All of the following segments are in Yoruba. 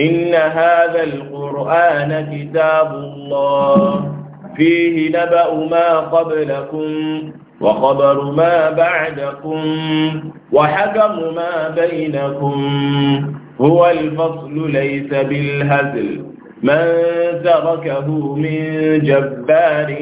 إن هذا القرآن كتاب الله فيه نبأ ما قبلكم وخبر ما بعدكم وحكم ما بينكم هو الفصل ليس بالهزل من تركه من جبار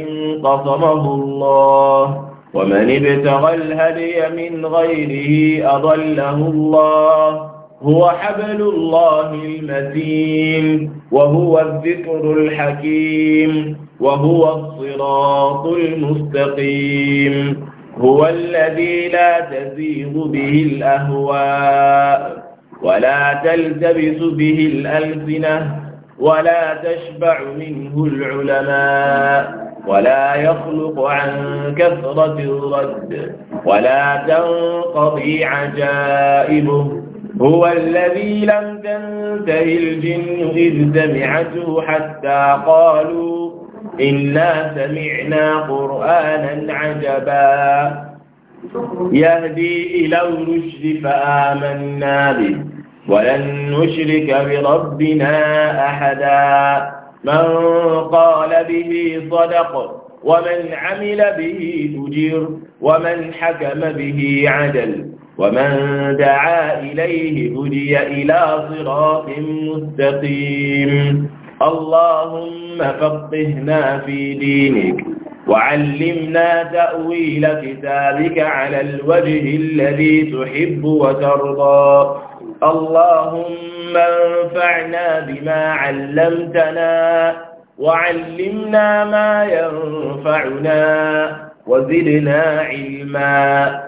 قصمه الله ومن ابتغى الهدي من غيره أضله الله هو حبل الله المتين وهو الذكر الحكيم وهو الصراط المستقيم هو الذي لا تزيغ به الأهواء ولا تلتبس به الألسنة ولا تشبع منه العلماء ولا يخلق عن كثرة الرد ولا تنقضي عجائبه هو الذي لم تنتهي الجن إذ سمعته حتى قالوا إنا سمعنا قرآنا عجبا يهدي إلى الرشد فآمنا به ولن نشرك بربنا أحدا من قال به صدق ومن عمل به تجر ومن حكم به عدل ومن دعا إليه هدي إلى صراط مستقيم اللهم فقهنا في دينك وعلمنا تأويل كتابك على الوجه الذي تحب وترضى اللهم انفعنا بما علمتنا وعلمنا ما ينفعنا وزدنا علما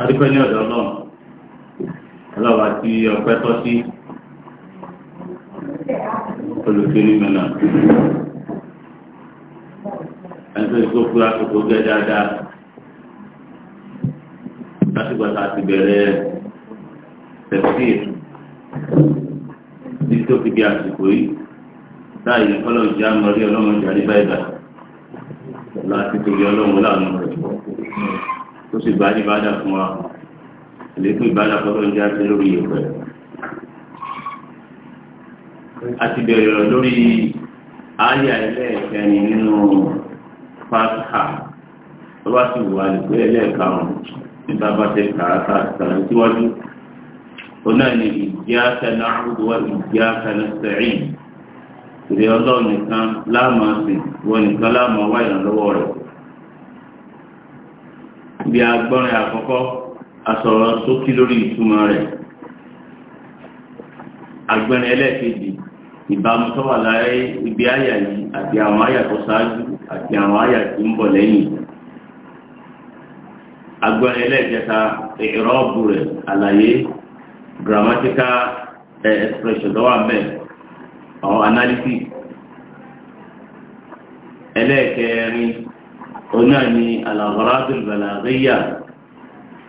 adúpẹ́ ní ọ̀dọ̀ náà ọlọ́wà tí ọpẹ́ tọ́ sí olùkiri mẹ́nà ẹgbẹ́ tó fúra kòkó gẹ́ dáadáa lásìkò tá a ti bẹ̀rẹ̀ tẹ̀sí ní tó fi di àsìkò yìí táyì kọ́lọ̀ jẹ́ àmọ́rí ọlọ́mọdé àríbáyìí láti torí ọlọ́run láàánú rẹ̀ sì bá ní bàdà fún wa àlékún ìbádà fọ́tọ́ ń jáde lórí ìpẹ́. a ti bẹ̀rẹ̀ lórí ayé ẹlẹ́ẹ̀kẹ́ ni nínú fásità tó bá sì wà lè pé ẹlẹ́ẹ̀karùn-ún nígbà bá ti kàákà sàrẹ̀ síwájú onáà ni iyyaka na'budu wa iyyaka nasta'in ìrẹ̀ ọlọ́run nìkan láàmú àsìn wọn nìkan láàmú ọwọ́ ìrànlọ́wọ́ rẹ̀ bí agbọ́rin àkọ́kọ́ asọ̀rọ̀ sókí lórí ìtumọ̀ rẹ̀ agbẹ́rin ẹlẹ́ẹ̀kejì ìbámu tó wà láyé ibi àyà yìí àti àwọn àyà tó ṣáájú àti àwọn àyà tí ń bọ̀ lẹ́yìn agbẹ́rin ẹlẹ́ẹ̀kẹta ìrọ́ọ̀bù rẹ̀ àlàyé grammatical eh, expression tó wà bẹ́ẹ̀ àwọn analysis ẹlẹ́ẹ̀kẹrin ọ̀nà ni alàbọ̀rádùn bàlàbẹ́yà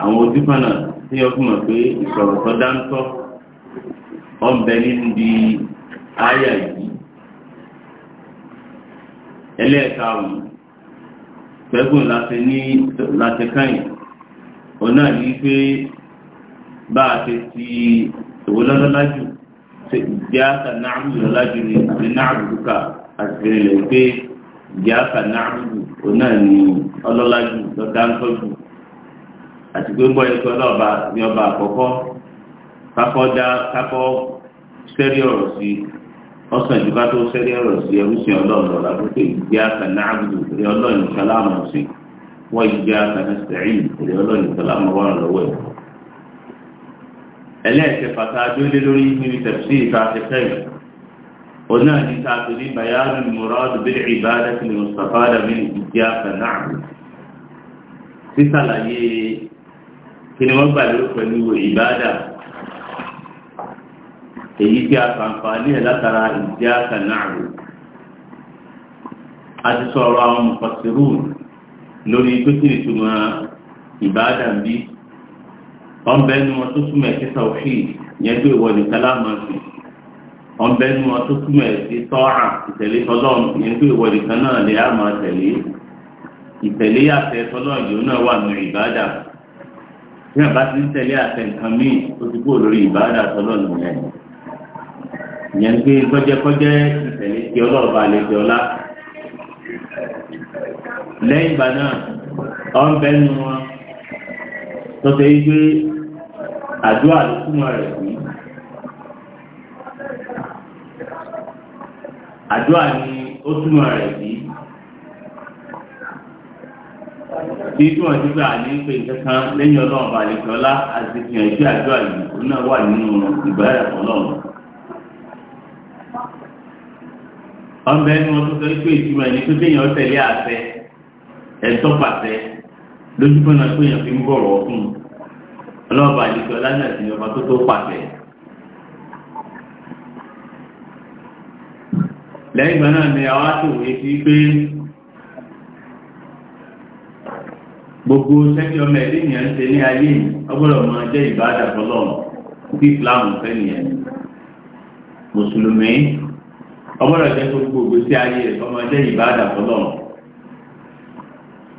àwọn ojúkànnà tí ọkùnrin pé ìsọ̀rọ̀ tó dáńtọ́ ọ̀bẹ níbi àyà yìí ẹlẹ́ẹ̀karùn-ún pẹ́gùn láti ní láti káyìn ọ̀nà yìí pé bá a ti ti òwò lọ́lọ́lá jù jáàkà náà lọ́lá jù ní àbí náà dùkà àti ìrìnlẹ̀ pé jáàkà náà dùkà òun náà ni ọlọ́lájú lọ́dáńtọ́jú àti pé bọ́ ẹ̀kọ́ lọ́ba ní ọba àkọ́kọ́ kakọ́ dá kakọ́ sẹ́rí ọ̀rọ̀ sí ọ̀sán ìdíbá tó sẹ́rí ọ̀rọ̀ sí ẹrú sí ọlọ́run lọ́la tó pé ìgbé àkànná àbùdù rí ọlọ́run sálámù sí wọ́n ìgbé àkànná sẹ́yìn rí ọlọ́run sálámù wà lọ́wọ́ ẹ̀. ẹlẹ́ẹ̀kẹfà tá a dúró lé lórí níbi tẹ̀síì tá a ti fẹ́ràn قلنا في تعطيل بيان المراد بالعبادة المستفادة من إياك نعبد sísàlàyé kí ni wọ́n gbàlérò pẹ̀lú ìbáàdà èyí tí a fàǹfààní ẹ̀ látara ìdíyàkà náàrù a ti sọ̀rọ̀ àwọn mùfàsírù lórí tó kí ni túmọ̀ ìbáàdà ń bí wọ́n bẹ́ẹ̀ ni wọ́n tó túmọ̀ ẹ̀ sí tàwíì yẹn tó ìwọ nìkan láàmú sí i wọn bẹ nu ọtún túmọ̀ ẹ̀sìn tọ́ra ìtẹ̀lé tọ́lọ́n yẹn pé ìwọ nìkan náà lè á máa tẹ̀lé ìtẹ̀lé àtẹ tọ́lọ́n yìí náà wà nù ìbáàdà bí wọn bá ti ń tẹ̀lé àtẹ nǹkan míì ó ti kúrò lórí ìbáàdà tọ́lọ́n yẹn yẹn pé kọ́jẹ́kọ́jẹ́ ìtẹ̀lé ti ọlọ́ọ̀bà lè fi ọlá lẹ́yìn ìgbà náà wọn bẹ nu wọn tọ́tẹ̀ àdúrà ni ó túmọ̀ rẹ̀ sí tí túmọ̀ sí pé àní pé kankan lẹ́yìn ọlọ́run bá lè fi ọlá àti fi hàn sí àdúrà yìí ó náà wà nínú ọlọ́run. ọmọ ẹni wọn tó sọ pé ìtumọ̀ ẹni tó kéèyàn tẹ̀lé ẹ̀tọ́ lójúmọ́ náà pé èèyàn fi ń bọ̀rọ̀ náà lẹ́yìn náà ni àwọn àtòwé sí pé gbogbo sẹ́kì ọmọ ẹ̀dẹ́ ìyẹn ń ní ayé ọgbọ́dọ̀ máa jẹ́ sí mùsùlùmí ọgbọ́dọ̀ jẹ́ gbogbo ayé ọmọ jẹ́ ìbáàdà fọlọ́ọ̀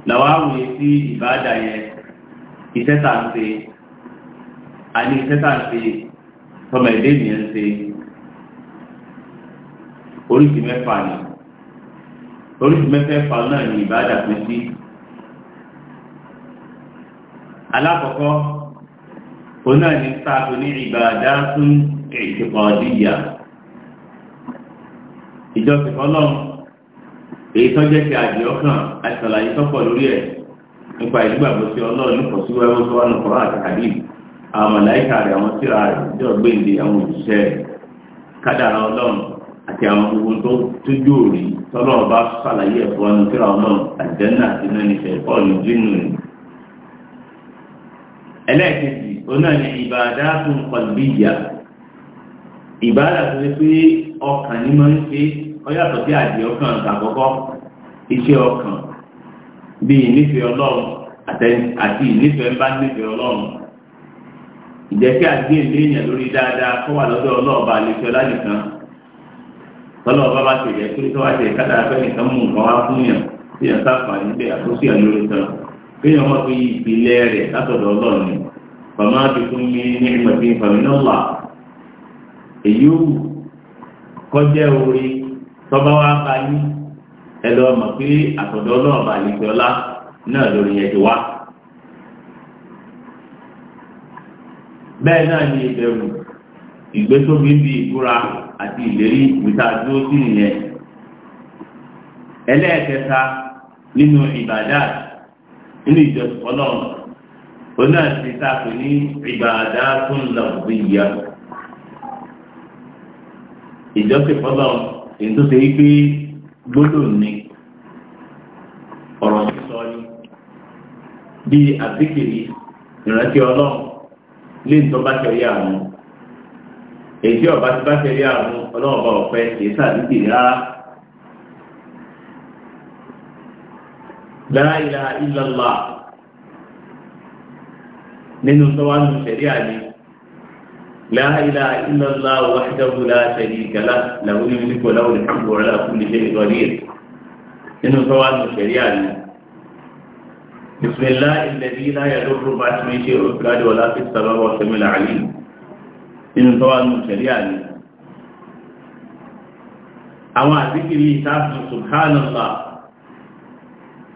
làwọn isi ibada ìbáàdà yẹn iṣẹ́ ń ṣe àní oríṣi mẹ́fà ni oríṣi mẹ́fẹ̀ẹ̀fà náà ni ìbáàdà pín sí alákọ̀ọ́kọ́ òun ni sáàtò ní ìbáàdá tún ìṣèpọ̀ọ́díyà ìjọsìn fọlọ́run èyí tó jẹ́ ti àjẹ́ ọkàn àṣàlàyé tọ́pọ̀ lórí ẹ̀ nípa sí ọlọ́run sí àti kàdí àwọn rẹ̀ àti àwọn gbogbo tó tójú òrí tọ́lọ́ ọba ṣàlàyé ẹ̀fọ́ ọ̀nà kíra ọ̀nà àjẹ́nà àti náà nífẹ̀ẹ́ pọ́ọ̀lù jínú rẹ̀. ẹlẹ́ẹ̀kejì ọ̀nà ni ìbàdà tó ń kọlùbí ìyá tó pé ọkàn ní máa ń ṣe ọyàtọ̀ sí àdìẹ ọkàn àkọ́kọ́ iṣẹ́ ọkàn bíi nífẹ̀ẹ́ ọlọ́run àti ìnífẹ̀ẹ́ bá nífẹ̀ẹ́ ọlọ́run ìjẹ́kí àdìẹ léèyàn lórí dáadáa kó wà lọ́dọ̀ ọlọ́ọ̀ba tọ́lọ̀ ọba bá ṣe yẹ pé tó wá ṣe kádà abẹ́ni kan mú nǹkan wá fún yàn tí yàn sáfàá níbẹ̀ àtúnṣe àlórí tán kéèyàn wọ́n fi ìpìlẹ̀ rẹ̀ látọ̀dọ̀ ọlọ́run ni fàmá ti fún mi ní ìmọ̀tí fàmínọ́là èyí ó kọjá orí tọ́ba wá bá yín ẹ lọ mọ̀ pé àtọ̀dọ̀ ọlọ́run bá lè jọlá náà lórí yẹn ti wá. bẹ́ẹ̀ náà ni ìbẹ̀rù ìgbésómi bí ìbúra àti ìlérí ìgbésà dúró sí ìyẹn ẹlẹ́ẹ̀kẹta nínú ìbàdà nínú ìjọsìn ọlọ́run oná ti sáàpì ní ìbàdà tó ń lọ sí ìyá ìjọsìn ọlọ́run èyí tó ṣe wípé gbọ́dọ̀ ní ọ̀rọ̀ sísọ ni bíi àbíkiri ìrántí ọlọ́run lè ń tọ́ àwọn. èyí ọba ti bá tẹ̀lé àwọn ọlọ́ọ̀bá ọ̀fẹ́ kìí sàdídì rárá la ilaha illallah nínú tọ́wánù tẹ̀lé àní la ilaha illallah wahdahu la sharika lah lahul mulku wa lahul hamdu wa ala kulli shay'in qadir nínú tọ́wánù tẹ̀lé àní bismillahil ladhi la yadurru ma'a ismihi shay'un fil ardi wa la fis samawati wa huwa as-sami'ul 'alim inú tó wà nù sẹ̀rí àní àwọn àdíkìrí ìtàkùn subhanallah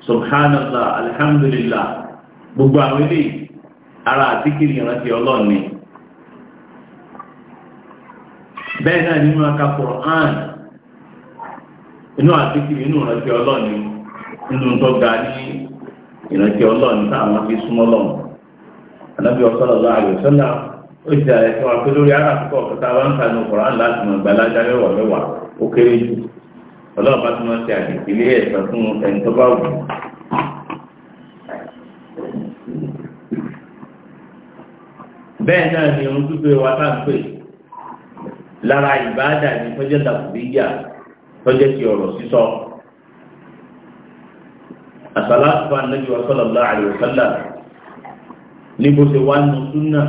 subhanallah alhamdulillah gbogbo àwọn ilé ara àdíkìrí ìrántí ọlọ́run ni bẹ́ẹ̀ náà nínú aka Qur'an inú àdíkìrí inú ìrántí ọlọ́run ni inú tó ga ní ìrántí ọlọ́run táwọn fi súnmọ́ lọ́wọ́ anábì sallallahu ó ti àyè fún wa pé lórí arákùnkọ̀ kọta wa ń ka ní ọkùnrin láti mọ̀ gbàlájà mẹ́wàá mẹ́wàá ó kéré jù ọlọ́ọ̀bá tí wọ́n ti àgbègbè ilé ẹ̀sọ́ fún ẹni tó bá wù. bẹ́ẹ̀ náà ni ohun tó pé wa tá ń pè lára ìbáàdà ni tọ́jẹ́ dàkúdíjà tọ́jẹ́ ti ọ̀rọ̀ sísọ. àsàlátù fún anájú wa sallallahu alaihi wasallam ní ṣe wá nù súnà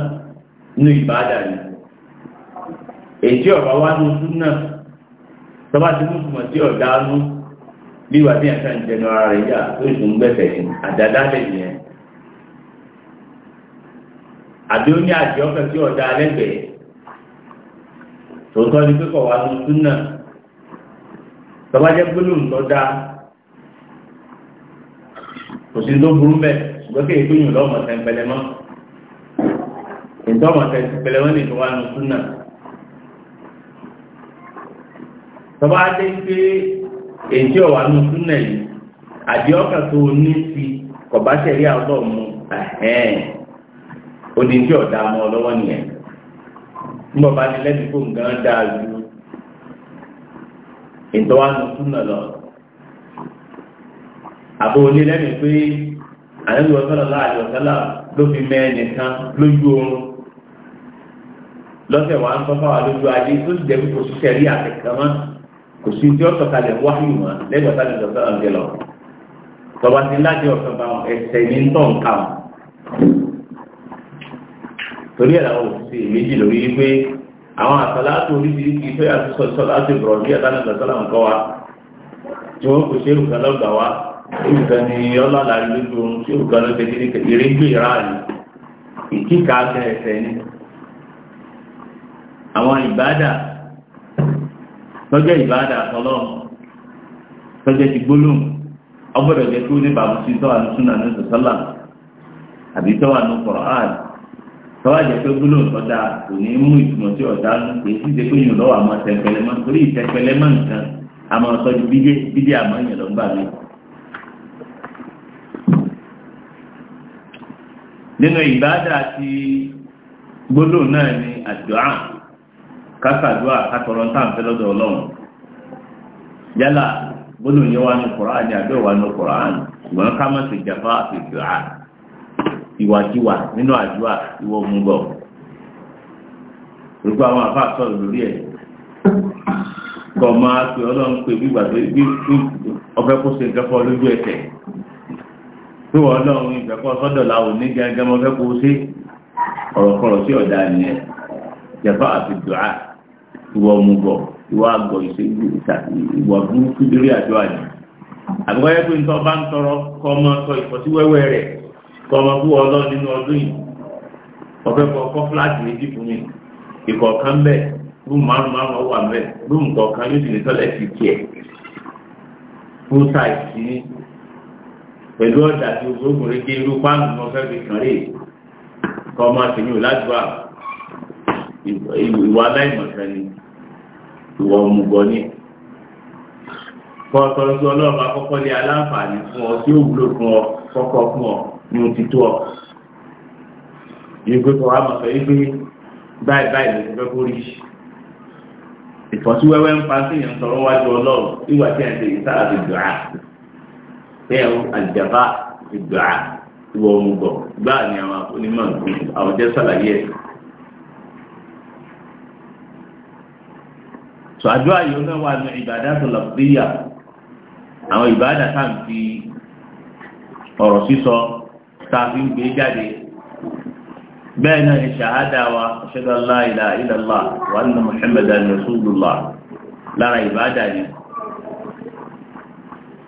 nínú ìbáadà ni èyí ọ̀bá wá ní oṣù náà tọ́bá ti mú túnmọ̀ sí ọ̀dá nú bí wà ní ẹ̀ka ìjẹnu ara rẹ̀ yà tó ìṣùn gbẹ̀fẹ̀ ní àdádálẹ̀ yẹn àbí ó ní àjẹ́ ọ̀fẹ́ sí ọ̀dá lẹ́gbẹ̀ẹ́ tòótọ́ ni pé kọ̀ wá ní oṣù náà tọ́bá jẹ́ gbólóhùn tó dáa kò sí tó burú bẹ́ẹ̀ ṣùgbọ́n kéèké yìí lọ́mọ tẹ́ńpẹ́lẹ́mọ́. ìtọ́mọ̀ tẹ̀sí pẹ̀lẹ́ wọ́n lè tó wá súnà pé èyí ọ̀wà nù súnà yìí àbí ọkà tó ní sí kọ̀bá tẹ̀lé àwọ̀ mu òdì tí ọ̀dà mọ́ lọ́wọ́ nìyẹn bá ní lẹ́bi kó dáa ju súnà lọ àbò pé ọ̀sán lọ́la lọ́sẹ̀ wa ń sọ fáwọn lójú ajé tó ti jẹ́ pé kò sí sẹ́rí àtẹ̀kẹ́mọ́ kò sí tí ó sọ̀kalẹ̀ wáyé mọ́ lẹ́gbẹ̀ẹ́ sáré lọ́sẹ̀ náà jẹ́ lọ. tọ́ba ti láti ọ̀sán bá wọn ẹsẹ̀ ní ń tàn ká wọn. torí ẹ̀ làwọn òṣìṣẹ́ méjì lórí wípé àwọn àtàlátò oríṣiríṣi tó yà sọ sọ láti bọ̀rọ̀ bí àtàlẹ́ lọ́sẹ̀ náà kọ́ wa tí wọ́n kò ṣe é rùkà lọ́gbà wa olùkọ́ ni ọlọ́lá àwọn ìbádà tọ́jọ́ ìbádà tọ́lọ́run tọ́jọ́ ti gbólóhùn jẹ́ ní bàbá sí tọ́wà ní súnà ní sọ́sọ́là àbí tọ́wà ní Qur'an tọ́wà jẹ́ pé gbólóhùn tọ́da kò ní mú ìtumọ̀ sí ṣe pé lọ́wọ́ torí nǹkan kásàdúrà kátọrọ ń tàn fẹ́ lọ́dọ̀ ọlọ́run yálà bólú yẹn wà ní kùránì àbẹ́ wà ní kùránì ṣùgbọ́n ká à nínú mú bọ̀ àwọn sọ̀rọ̀ lórí ẹ̀ kọ̀ máa pe ọlọ́run pé bí gbàgbé bí kó lójú ẹsẹ̀ pé wọ́n ọlọ́run sọ́dọ̀ làwọn ní gẹ́gẹ́ kó ọ̀rọ̀kọ̀rọ̀ sí ọ̀dà nìyẹn à. ìwọ ọmọbọ ìwọ àgọ ìṣègùn ìwọ burúkú lórí àjọ àjò àgbáyé pé nítorí ọba ń tọrọ kọ ọmọ sọ ìfọsíwẹ́wẹ́ rẹ̀ kọ ọmọ fún ọlọ nínú ọdún yìí ọ̀fẹ́ kọ ọkọ fúláàtì méjì fún mi ìkọ̀ọ̀kan bẹ́ẹ̀ rúùmù márùn márùn wà mẹ́ẹ̀ rúùmù kọ̀ọ̀kan yóò sì ní tọ́lẹ̀ sí tiẹ̀ full size sí pẹ̀lú ọ̀dà tí ogun rẹ̀ gé irú páàmù náà fẹ́ fi kàn rèé kọ́ ọmọ àtẹ̀yìn ò ládùúgbà ìwà aláìmọ̀kan ni ìwọ ọmọgọ ní kọ́ọ̀tọ́ sí ọlọ́ọ̀bá kọ́kọ́ lé aláǹfààní fún ọ tí ó wúlò fún ọ kọ́kọ́ fún ọ ní o ti tó ọ ìgbé kọ́ àmọ̀ sọ wípé báyìí báyìí ló ti fẹ́ kó rí ìfọ̀síwẹ́wẹ́ ń pa sí ìyẹn sọ̀rọ̀ wájú ọlọ́run ìwà tí a ń ṣe ìsára ti dùn á bẹ́ẹ̀ àjàbá ti dùn á ìwọ ọmọgọ gbáà ni àwọn onímọ̀ àwọn jẹ́ sàlàyé ẹ̀sìn sọ àdúrà yìí náà wà ní ìbàdà tó lọ́pẹ́yà àwọn ìbàdà tá à ń fi ọ̀rọ̀ sísọ tá a fi ń gbé jáde bẹ́ẹ̀ náà ni ṣàhádà wa ashhadu an la ilaha illallah wa anna muhammadan rasulullah lára ìbàdà yìí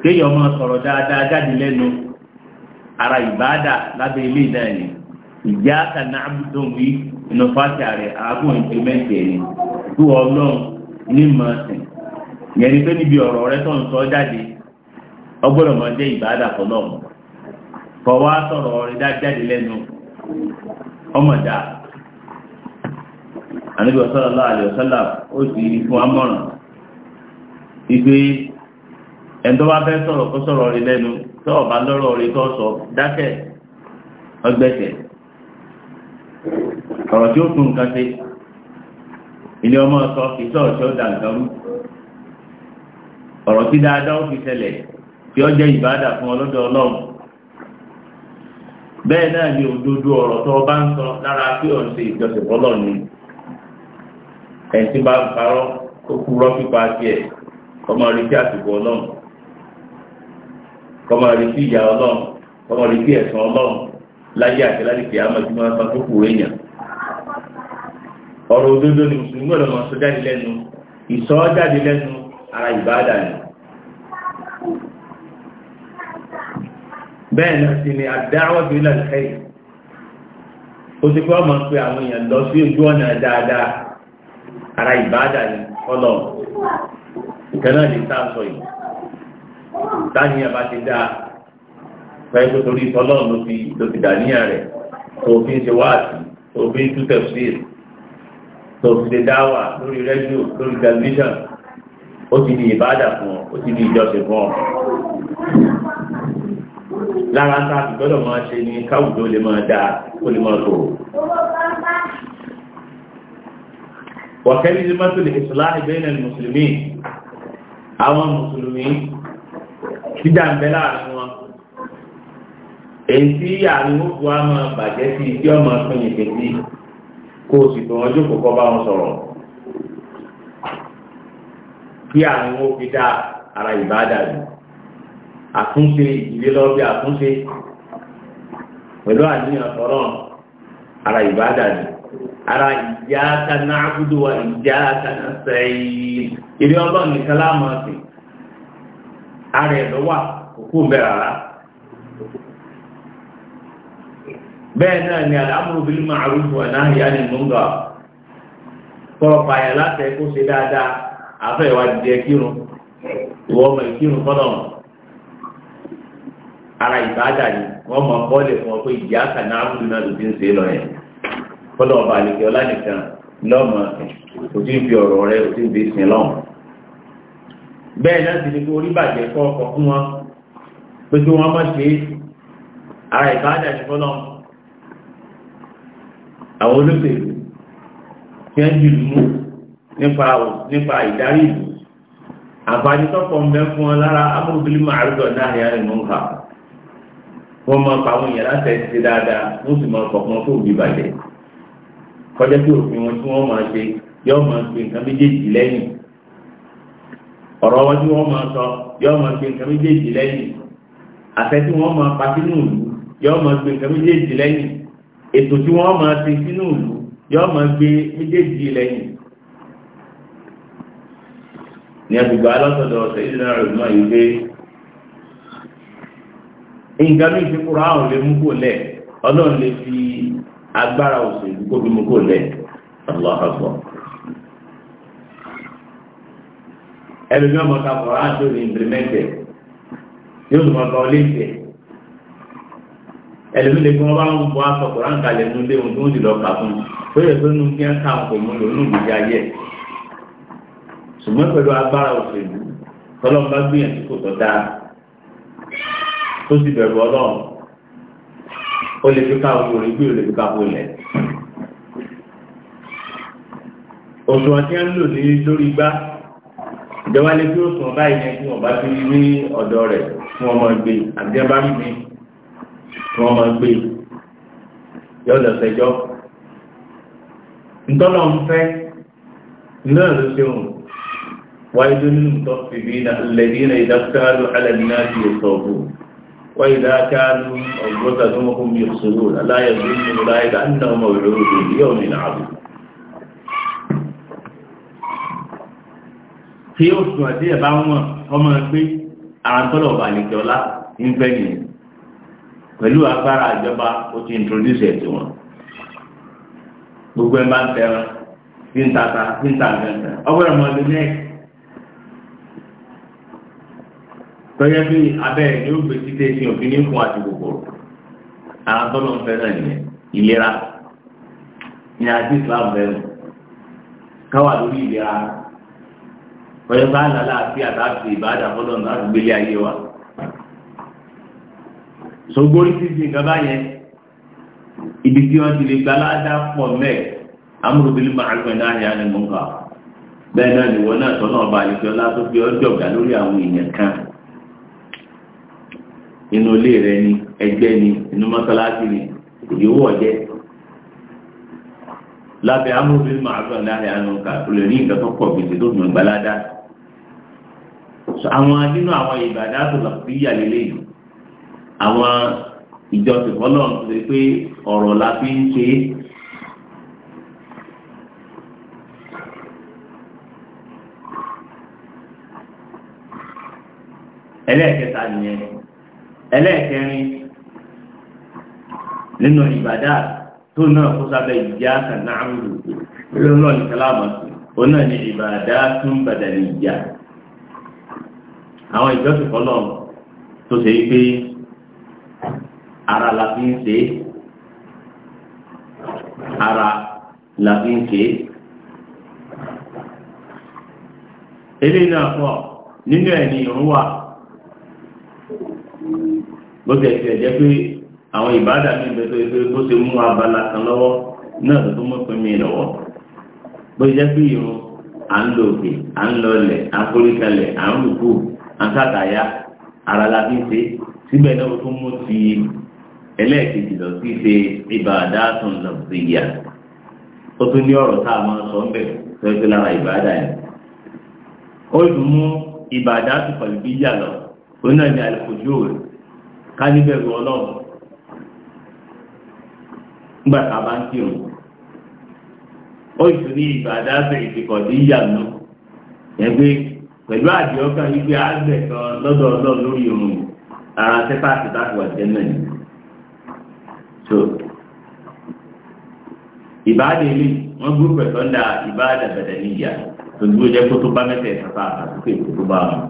kéèyàn máa sọ̀rọ̀ dáadáa jáde lẹ́nu ara ìbáàdà lábẹ́ ilé náà ni ìyá àtàná àbùdóhùn yìí inú fásitì ààrẹ àágùn ìpèmẹ́ǹtì ẹ̀yìn tó ọlọ́run ní sìn yẹn ni pé níbi ọ̀rọ̀ rẹ tó ń sọ jáde ọgbọ́dọ̀ máa jẹ́ ìbáàdà kọwaa fọwọ́ sọ̀rọ̀ rẹ jáde lẹ́nu ọmọdà àníbi ọ̀sọ́lọ́lá o ó sì fún amọ̀ràn ìgbé ẹ̀ńtọ́ bá fẹ́ sọ̀rọ̀ kó sọ̀rọ̀ rẹ lẹ́nu tó ọ̀bá lọ́rọ̀ rẹ tó sọ dákẹ́ ilé ọmọ sọ kì í sọ̀rọ̀ tí ó tí dáadáa ó fi ṣẹlẹ̀ tí ó ìbáàdà fún ọlọ́dọ̀ ọlọ́run bẹ́ẹ̀ náà ni òdodo ọ̀rọ̀ tó bá ń sọ lára pé ọ̀n ṣe ìjọsìn fọlọ́ ni ẹ̀sìn bá ń parọ́ ó kúrọ́ pípa tiẹ̀ kọ́mọ retí àsìkò ọlọ́run kọ́mọ retí ìyá ọlọ́run kọ́mọ retí ẹ̀san ọlọ́run láyé àti láti kìí àmọ́ tí wọ́n sọ tó kù èèyàn ọ̀rọ̀ òdodo ni mùsùlùmí gbọ́dọ̀ máa sọ jáde lẹ́nu ìsọ jáde lẹ́nu ara ìbáàdà ni bẹ́ẹ̀ náà sì ni àdáwọ̀ tó ilẹ̀ ìfẹ́ ó ti kọ́ máa pe àwọn èèyàn lọ sí ojú ọ̀nà dáadáa ara ìbáàdà ni ọlọ ìkànnà lè tó fi lè dáwà lórí rẹ́díò lórí tẹlifíṣàn ó ti di ìbádà fún ọ ó ti di ìjọsìn fún ọ. lára tá a ti gbọ́dọ̀ máa ṣe ni káwùjọ lè máa dáa ó lè máa tòrò. wọ̀kẹ́lí ní mọ́tòlì ìsìláhì bẹ́ẹ̀nà mùsùlùmí àwọn mùsùlùmí dídá ń bẹ láàrin wọn èyí tí àrùn ó bu àmọ́ bàjẹ́ sí ìdí ọmọ fún ìgbésí kó o sì tó wọn jókòó kọ́ bá wọn sọ̀rọ̀ kí àwọn owó fi dá ara ìbáàdà yìí àtúnṣe ìdílé lọ bí àtúnṣe pẹ̀lú àníyàn sọ̀rọ̀ ara ìbáàdà yìí ara ìjà kaná àbúdó wa ìjà kaná sẹ́yìn ilé ọlọ́run nìkan láàmú ara ẹ̀ lọ́wọ́ òkú bẹ̀rẹ̀ bẹ́ẹ̀ náà ni àlámùrù bil ma'ruf wa nahyi 'anil munkar kọ́ọ̀pá láti ṣe dáadáa afẹ́ ìwádìí ẹ kírun ìwọ ọmọ ìkírun fọ́nà ara ìbáàdà ni wọ́n mọ̀ bọ́ọ̀lì fún ọ pé ìyá kàná àbúrò náà ló ti ń ṣe lọ yẹn fọ́nà ọba ọlá nìkan lọ́mọ kò tí ń fi ọ̀rọ̀ rẹ kò tí ń fi àwọn olóṣèlú tí wọ́n jù mú nípa ìdarí ìlú àǹfààní ń bẹ́ fún wọn lára amúrúbílì màálùdọ̀ náà yà ni wọ́n wọ́n pa àwọn èèyàn láti dáadáa wọ́n sì máa kọ̀ọ̀kan tó òbí bàjẹ́ òfin wọn tí wọ́n sọ máa nǹkan méjèèjì lẹ́yìn àfẹ́ tí wọ́n máa pa ètò tí wọ́n máa ti sínú ìlú yọ́ máa gbé méjèèjì lẹ́yìn ní àgbègbè alọ́sọ̀dọ̀ ọ̀sẹ̀ ìdílé rẹ̀ náà yìí pé nǹkan bí ti àwọn lè mú kò lẹ̀ ọlọ́run lè fi agbára òṣèlú kó fi mú kò lẹ̀ ọlọ́ọ̀hàgbọ̀. ẹlòmíràn kọ̀ọ̀rọ̀ àti òní ìmpìrìmẹ́ntẹ̀ yóò tún mọ̀ta ẹlẹ́nu lè fún wọn bá ń bọ́ aṣọ kọ̀ọ̀rọ̀ ń kalẹ̀ nínú ilé wọn tó ń dìlọ kà fún un ó yẹ pé nínú kí wọn kà wọn kò mú lò nínú ìgbésí ayé ẹ̀ ṣùgbọ́n pẹ̀lú agbára òṣèlú tọ́lọ́mù bá gbìyànjú kò tọ́ dáa tó sì bẹ̀rù ọlọ́run ó lè fi ká owó rẹ̀ bí ó lè fi ká owó lẹ̀ òṣùwọ̀n tí wọ́n ń lò ní lórí igbá ìjọba lè fi òṣùwọ̀n báyìí ní ọba fi ní ọ̀dọ̀ rẹ̀ fún ọmọ ìgbé àbí ẹbá tí wọ́n máa gbé yóò lọ sẹjọ́ ntọ́nà ń fẹ́ náà ló ṣe wọn wáyé tó nínú tọ́ fìbí na lẹ́bí na ìdákàlù alẹ́bíná ti sọ̀bù wáyé dákàlù ọgbọ́ta tó mọ́kún bí ìṣòro aláyẹ̀ tó nínú láyé dá nínú ọmọ ìlú òdòdó yóò ní àbò tí ó sùn àti wọn ọmọ ẹgbẹ́ àrántọ́lọ̀ bàlẹ̀kẹ́ ń fẹ́ nìyẹn pẹ̀lú agbára ìjọba ó ti introduce ẹ̀ tí wọn gbogbo ẹ̀ bá ń tẹran tí ń tata tí ń ta gẹ̀ẹ́sẹ̀ ọgbọ́dọ̀ mọ ọdún mẹ́ẹ̀ tọ́jẹ́ bí abẹ́ ẹ̀ ní ó gbé títẹ̀ òfin ní fún àti kòkòrò àwọn ń fẹ́ náà nìyẹn ìlera ní àti Islam bẹ́ẹ̀ lórí ìlera bá ń lálẹ́ àti àtàkì ìbáàdà wa. sogori ti di nǹkan ibi tí wọ́n ti lè gba pọ̀ mẹ́ẹ̀ amúrúbílì máa ń pẹ̀lú àyà ni mò ń kà tọ́nà ọba àlejò tó fi ọjọ́ ọ̀gá àwọn èèyàn kan inú ilé rẹ ni ẹgbẹ́ ni inú mọ́sálásí ni ìdíwọ́ ọ̀jẹ́ lábẹ́ máa ń pẹ̀lú àyà ni mò ń kà lè pọ̀ gbèsè tó fi mọ̀ àwọn nínú àwọn ìbàdàn àwọn ìjọsìn fọlọ́run tó ṣe pé ọ̀rọ̀ la fi ń ṣe é. ẹlẹ́ẹ̀kẹta nìyẹn ẹlẹ́ẹ̀kẹrin nínú ìbàdà tó náà kó sábẹ́ ìjà kàná àmúlò lọ́nà ìkàlámọ̀sí òun náà ni ìbàdà tún bàdàlì ìjà àwọn ìjọsìn fọlọ́run tó ṣe é pé ara la fi ń ṣe ara la fi ń ṣe eléyìí náà pọ̀ nínú ẹ̀ ni ìrun wà bó ti ẹ̀sẹ̀ jẹ́ pé àwọn ìbádà mi bẹ tó pé bó ti mú abala kan lọ́wọ́ náà tó tó mú pin mi lọ́wọ́ bó ti jẹ́ pé ìrun à ń lo òkè à ń lọ à ń forí à ń rùkú à ń sàtàyà ara la fi ń ṣe síbẹ̀ náà ó mú ti ẹlẹ́ẹ̀kejì lọ sí ṣe ìbàdà tó ń lọ sí ìyá ó tún ní ọ̀rọ̀ tá a máa sọ ń bẹ̀ fẹ́ẹ́ lára ìbàdà yẹn ó sì mú ìbàdà tó pẹ̀lú bí ìyá lọ ó náà ní àlùkòjú rẹ̀ ká níbẹ̀rù ọlọ́run nígbà tá a bá ń kírun ó sì ní ìbàdà tó ìfikọ̀dé ìyá pẹ̀lú àdìọ́kàn yìí ara tẹ́pá àti so ìbáàdì ilé wọn gbúrú pẹ̀tọ́ ń da ìbáàdà bẹ̀rẹ̀ níyà tó dúró jẹ́ kó tó bá mẹ́tẹ̀ẹ̀ sàfà àtúkò èkó tó bá wọn.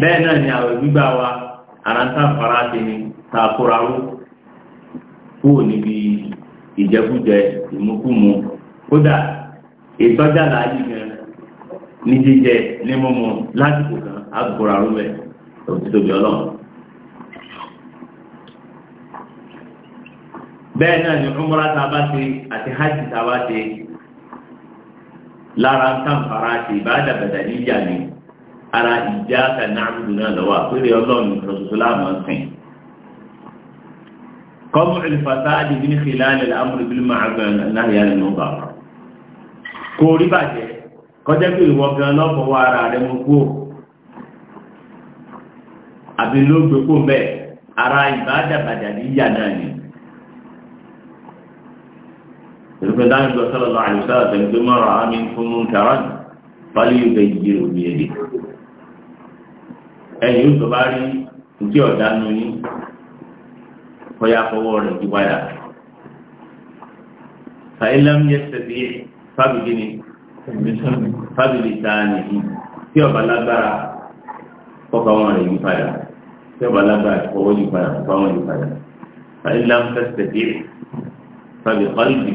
bẹ́ẹ̀ náà ni àwẹ̀ gbígbà wa ara ń tàfara ti ni ta kóra ró kúrò níbi ìjẹkújẹ ìmúkúmu kódà ìtọ́jà láàyè gan ní jíjẹ ní mímu lásìkò kan á kóra ró ọlọ́run. bẹ́ẹ̀ náà ni umra tàbá ṣe àti hajj tàbá ṣe lára kàǹfàrà ṣe ìbáàdà bàdàníyà ni ara ìjà kanáàmù náà lọ́wọ́ àpẹẹrẹ ọlọ́run ìtọ́sọ́sọ́ láàmú sìn. قمع الفساد من خلال الأمر بالمعروف والنهي عن المنكر kò rí bàjẹ́ kọjá pé ìwọ gan lọ́pọ̀ wá ara rẹ mú kúrò àbí ló gbé kó bẹ́ẹ̀ ara ìbáàdà bàdàníyà náà ni ìrúfẹ́ dáhùn lọ sọ́lọ́ lọ àyùsá àtẹ̀gbẹ́ mọ́ra àmì fún mú kàrá pálí ìgbẹ́ yìí òbí ẹ̀dẹ̀ ẹ̀yìn yóò tó bá rí ìdí ọ̀dá nu yín kọ́yà fọwọ́ rẹ̀ ti wáyà fàílẹ́m yẹ tẹ̀sí fábìlì ni fábìlì táà nìyí tí ọba lágbára kọ́kọ́ wọn rẹ̀ yí padà tí ọba lágbára kọ́kọ́ yí padà kọ́kọ́ wọn yí padà fàílẹ́m tẹ̀sí fábìlì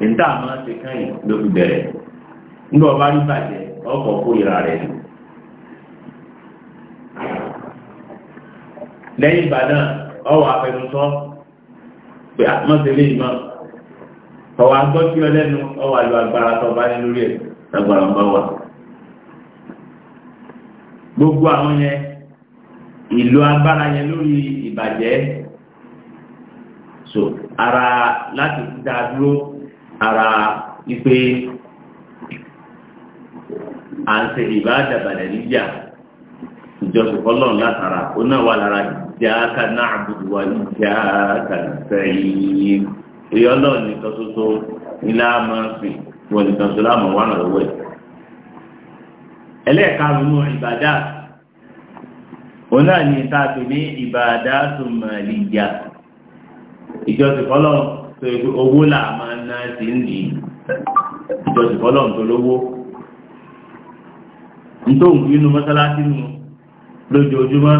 níta àmọ́ ṣe káyìn ló fi bẹ̀rẹ̀ nígbà ọba rí bàjẹ́ ọkọ̀ kó ìra rẹ̀ lẹ́yìn ìgbà náà ọwọ́ afẹnusọ pé àtúmọ̀sẹ̀lẹ̀ ìmọ̀ ọwọ́ lẹ́nu ọwọ́ àlọ́ agbára tó bá ní lórí ẹ̀ wà. gbogbo àwọn yẹn agbára yẹn lórí ìbàjẹ́ so ara láti dá dúró. ara wípé à ń ṣe ìbáàdà bàdàlíjà ìjọsìn fọlọ́n látara ó náà wà lára iyyaka na'budu wa iyyaka nasta'in èyí ọlọ́run nìkan ṣoṣo nílá máa ń sìn wọn nìkan ṣoṣo láàmú wà náà lọ́wọ́ ẹ̀. ẹlẹ́ẹ̀karùn-ún ìbàdà òun náà ní ìta pè ní ìbàdà tó màlìjà ìjọsìn fọlọ́run tó yẹ pé owó là máa ń ná sí ń dì í ìjọsìn fọlọ́n tó lówó nítorí inú mọ́sálásí nù lójoojúmọ́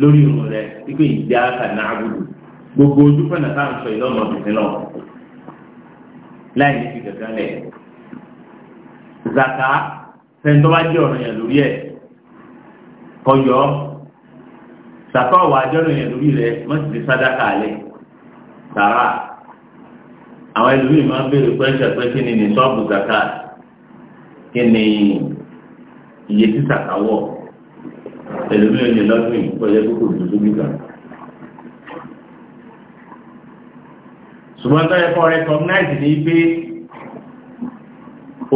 lórí irun rẹ̀ wípé ìdí àṣà náà àbúrò gbogbo ojú fẹ́nà tá à ń sọ ìlọ́nà ọ̀dùnkún náà láì ní fi gàgán lẹ̀ zaka fẹ́ntọ́ bá jẹ́ ọ̀ràn yẹn lórí ẹ̀ kọyọ sàtọ̀ wà jẹ́ ọ̀ràn yẹn lórí rẹ̀ mọ́sílẹ̀ sádàkà lẹ̀ sàrà àwọn ẹlòmíì máa ń béèrè pẹ́ńṣẹ̀ pé kí ni nìṣọ́ọ̀bù zaka kí ni iye tí zaka wọ̀ ẹlòmíì ní lọ́dún yìí kọ́ yẹ kókò dúdú gbígbà. ṣùgbọ́n tó yẹ kọ́ rẹ́kọ̀gnáìtì ní pé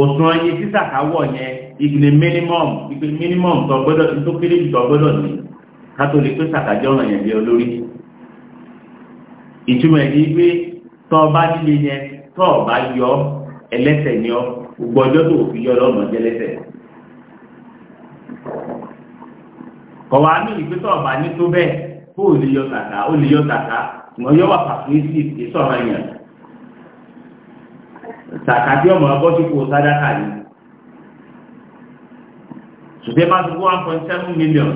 òṣùwọ̀n iye tí zaka wọ̀ yẹn ìgbìlẹ̀ mínímọ̀m ìgbìlẹ̀ mínímọ̀m tó gbọ́dọ̀ tó kéré jù tó gbọ́dọ̀ ní kátó pé zaka ọ̀nà yẹn bí olórí ìtumọ̀ ẹ̀ tọ́ ọba nílé yẹn tọ́ ọba yọ ẹlẹ́sẹ̀ ni ọ gbogbo ọjọ́ tó fi yọ lọ́nà jẹ́lẹ́sẹ̀ kọ̀wá ní ìpín tọ́ ọba ní tó bẹ́ẹ̀ kó o lè yọ tàkà o lè yọ tàkà wọ́n yọ wà pàtó sí ìsọ̀rọ̀ yẹn tàkà tí ọmọ ọgbọ́n ti kó sádàkà ni ṣùgbọ́n bá ti kó one point seven million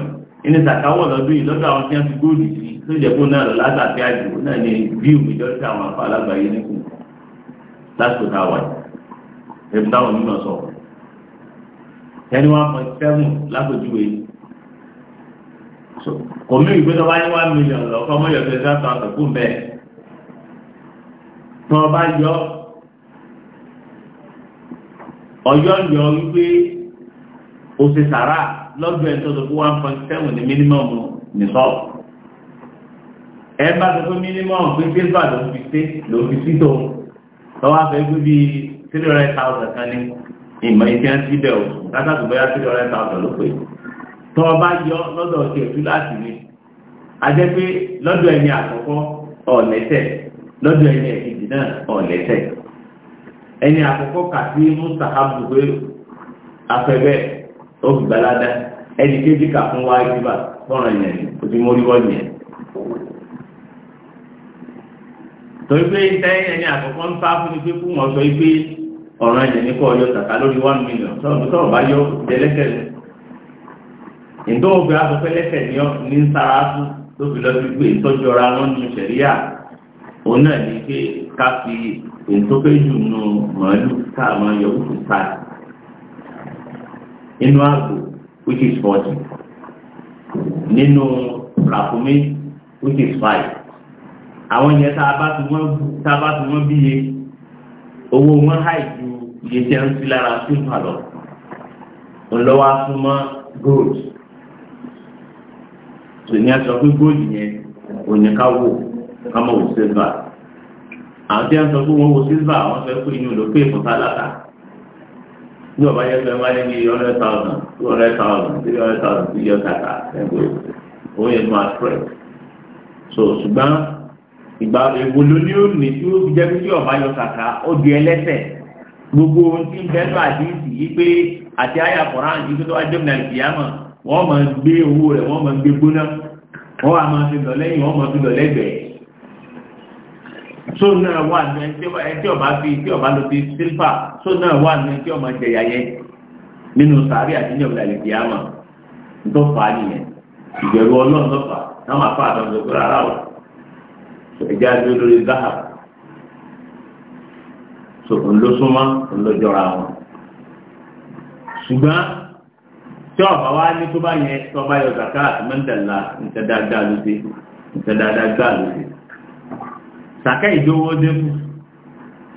ní tàkà wọ̀ lọ́dún yìí lọ́dọ̀ àwọn tí wọ́n ti tó jẹ́ kó náà látàkì àjò náà ní bíu ìjọ́sí àwọn afọ alágbàáyé níkù lásìkò tá a wà ẹ̀bí táwọn mímọ̀ sọ ẹni wọn mọ sẹ́wọ̀n lápòjúwe kò mí ìgbé tó bá ní one million lọ́kọ́ mọ́ yọ̀ twenty five thousand fún bẹ́ẹ̀ tó o bá yọ ọyọ́ yọ wípé o ṣe sàrà lọ́gbẹ̀ẹ́ tó tó one point seven ní mínímọ̀mù nìsọ́ọ̀bù ẹ bá tó tó mínímọ̀n pé bílbà ló fi pé ló fi sítò lọ́wọ́ afẹ́ gbé bí three hundred thousand kan ní ìmọ̀ iṣẹ́ ń síbẹ̀ o látàkùn bóyá three hundred thousand ló pè tọ́ ọ bá yọ lọ́dọ̀ ọ̀sẹ̀ òtún láti ní ajẹ́ pé lọ́dọ̀ ẹni àkọ́kọ́ ọ̀lẹ́sẹ̀ lọ́dọ̀ ẹni ẹ̀kejì náà ọ̀lẹ́sẹ̀ ẹni àkọ́kọ́ kàtí mustahabu pé afẹ́bẹ́ ó fi gbalada ẹni kéjì kà fún wáyé bíbà fọ́nrán yẹn òtún mórí wọ́n yẹn. torí pé ìtẹ́yìn ẹni àkọ́kọ́ ń fá fún ipé fún ọ̀sọ̀ ipé ọ̀ràn ẹ̀jẹ̀ ní kọ́ ọyọ tàkà lórí one million sọ́ọ̀bù sọ́ọ̀ bá yọ ìdẹ́lẹ́kẹ̀lẹ́ ìtọ́ òfin afẹ́fẹ́ lẹ́kẹ̀ ní ń sára fún tó fi lọ sí pé ìtọ́jú ọra wọn nínú sẹ̀ríà òun náà ní pé ká fi ìtọ́pẹ́jù nu màálù ká máa yọ òkú sáà nínú àgbò which is forty nínú ràkúnmí which is five àwọn yẹn tá a bá tún wọ́n bí iye owó wọn háì ju iye tí a ń sí lára sílùmà lọ ńlọ́wọ́ súnmọ́ gold tò ní aṣọ pé gold yẹn ò ní ká wò ká mọ̀ wò silver àwọn tí a ń sọ pé wọ́n wo silver àwọn fẹ́ pé inú ló pé fún tálákà ní ọba yẹn fẹ́ wáyé ní hundred thousand two hundred thousand three hundred thousand three hundred thousand ẹgbẹ́ òun yẹn máa trẹ̀ so ṣùgbọ́n ìgbà èwo ló ní òní tí ó fi jẹ́ pé tí ọ̀bá yọ kàkà ó di ẹlẹ́sẹ̀ gbogbo ohun tí ń bẹ́ẹ̀ lọ àdíìsì yìí pé àti àyà kọ̀ọ̀rán yìí tó tó wá jẹ́mi náà ìyámọ̀ wọ́n máa gbé owó rẹ̀ wọ́n máa gbé gbóná wọ́n wá máa fi lọ lẹ́yìn wọ́n máa fi lọ lẹ́gbẹ̀ẹ́ so náà wà ní ẹtí ọba fi tí ọba ló fi sílfà so náà wà ní ẹtí ọmọ jẹyà yẹn nínú sàárì àtijọ́ ìlàlẹ̀ ìyámọ̀ ntọ́fà nìyẹn ìbẹ̀rù ọlọ́run lọ́fà táwọn afáàdọ̀ lọ́kọ́ rárá o ẹ̀jẹ̀ adúló lórí zahab so ńlọsọmọ ńlọjọra wọn ṣùgbọ́n tí ọba wa ní tó bá yẹ tó bá yọ zakat mẹ́ńdàlá ntẹ̀dáadáa ló dé ntẹ̀dáadáa gbà ló dé sàkẹ́ ìdówó dẹ́kù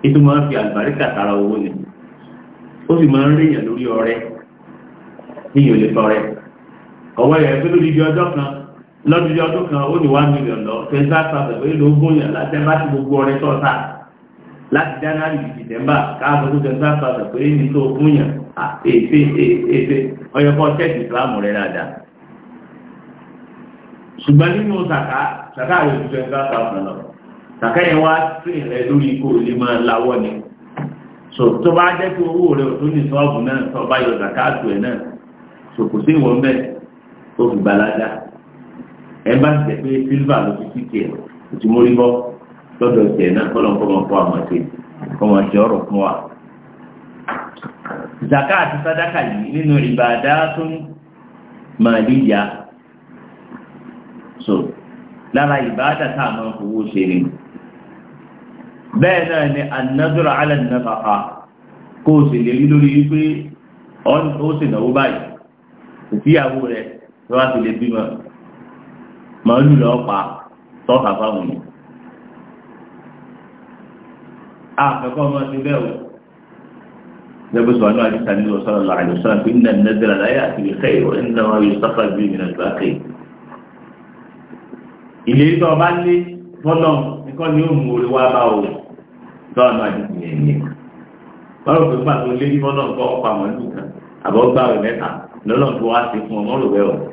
ètò máa ń fi àlùbáríkà tara owó ni ó sì máa ń ríyàn lórí ọrẹ níyàn lè fọrẹ ọwọ́ yẹn pé lórí ibi ọjọ́ kan lọ́dún yọ ọdún kan ó ní one million lọ twenty five thousand pé ló ń gbóyàn láti ẹ bá ti gbogbo ọrẹ tọ́ta láti january december káàtó tó twenty five thousand pé ní tó gbóyàn èsè èsè e, ọyọkọ church islam rẹ dáadáa ṣùgbọ́n nínú sàkà sàkà yóò ju twenty five thousand lọ sàkà yẹn wá sí rẹ lórí ikú òlè máa láwọ́ ni so tó bá jẹ́ pé owó rẹ ò tó ní sọ́ọ̀bù náà tó bá yọ sàkà àtò ẹ̀ náà so kò sí ìwọ̀n bẹ́ẹ̀ tó fi gbalaja ẹ bá ti jẹ pé sílvà ló fi títì ẹ o ti mórí bọ lọ́dọ̀ tiẹ̀ náà kọlọ ń kọmọ fọ àwọn ṣe kọmọ ṣe ọ̀rọ̀ fún wa. zaka àti sadaka yìí nínú ìbàdá tó ń máa níyà so lára ìbàdá tá a máa fowó ṣe ni bẹ́ẹ̀ náà ni anadura alẹ nàfàfà kó o sì lè rí lórí wípé ó sì náwó báyìí òfìyàwó rẹ̀ tó wá sí lè bímọ màálù lọ pa tọ́ka fáwọn yìí àkẹ́kọ̀ọ́ máa ti bẹ́ẹ̀ o lẹ́gbẹ́ sọ̀rọ̀ náà àdìsá nílò sọ̀rọ̀ lọ àdìsá náà fi ń nàní nàdìrà láyé àti ìfẹ́ ìwọ̀ ń nà wọn yóò sáfà bí ìrìnà ìgbà kẹ́ ìlérí tó ọba ní fọ́nà nìkan ni ó mú orí wá bá o sọ̀rọ̀ náà àdìsá yẹn ni báwo pé pàtó lérí fọ́nà nǹkan ọ̀pọ̀ àmọ́lù kan àbọ̀ gbà rẹ̀ mẹ́ta lọ́nà tó wá sí fún ọmọ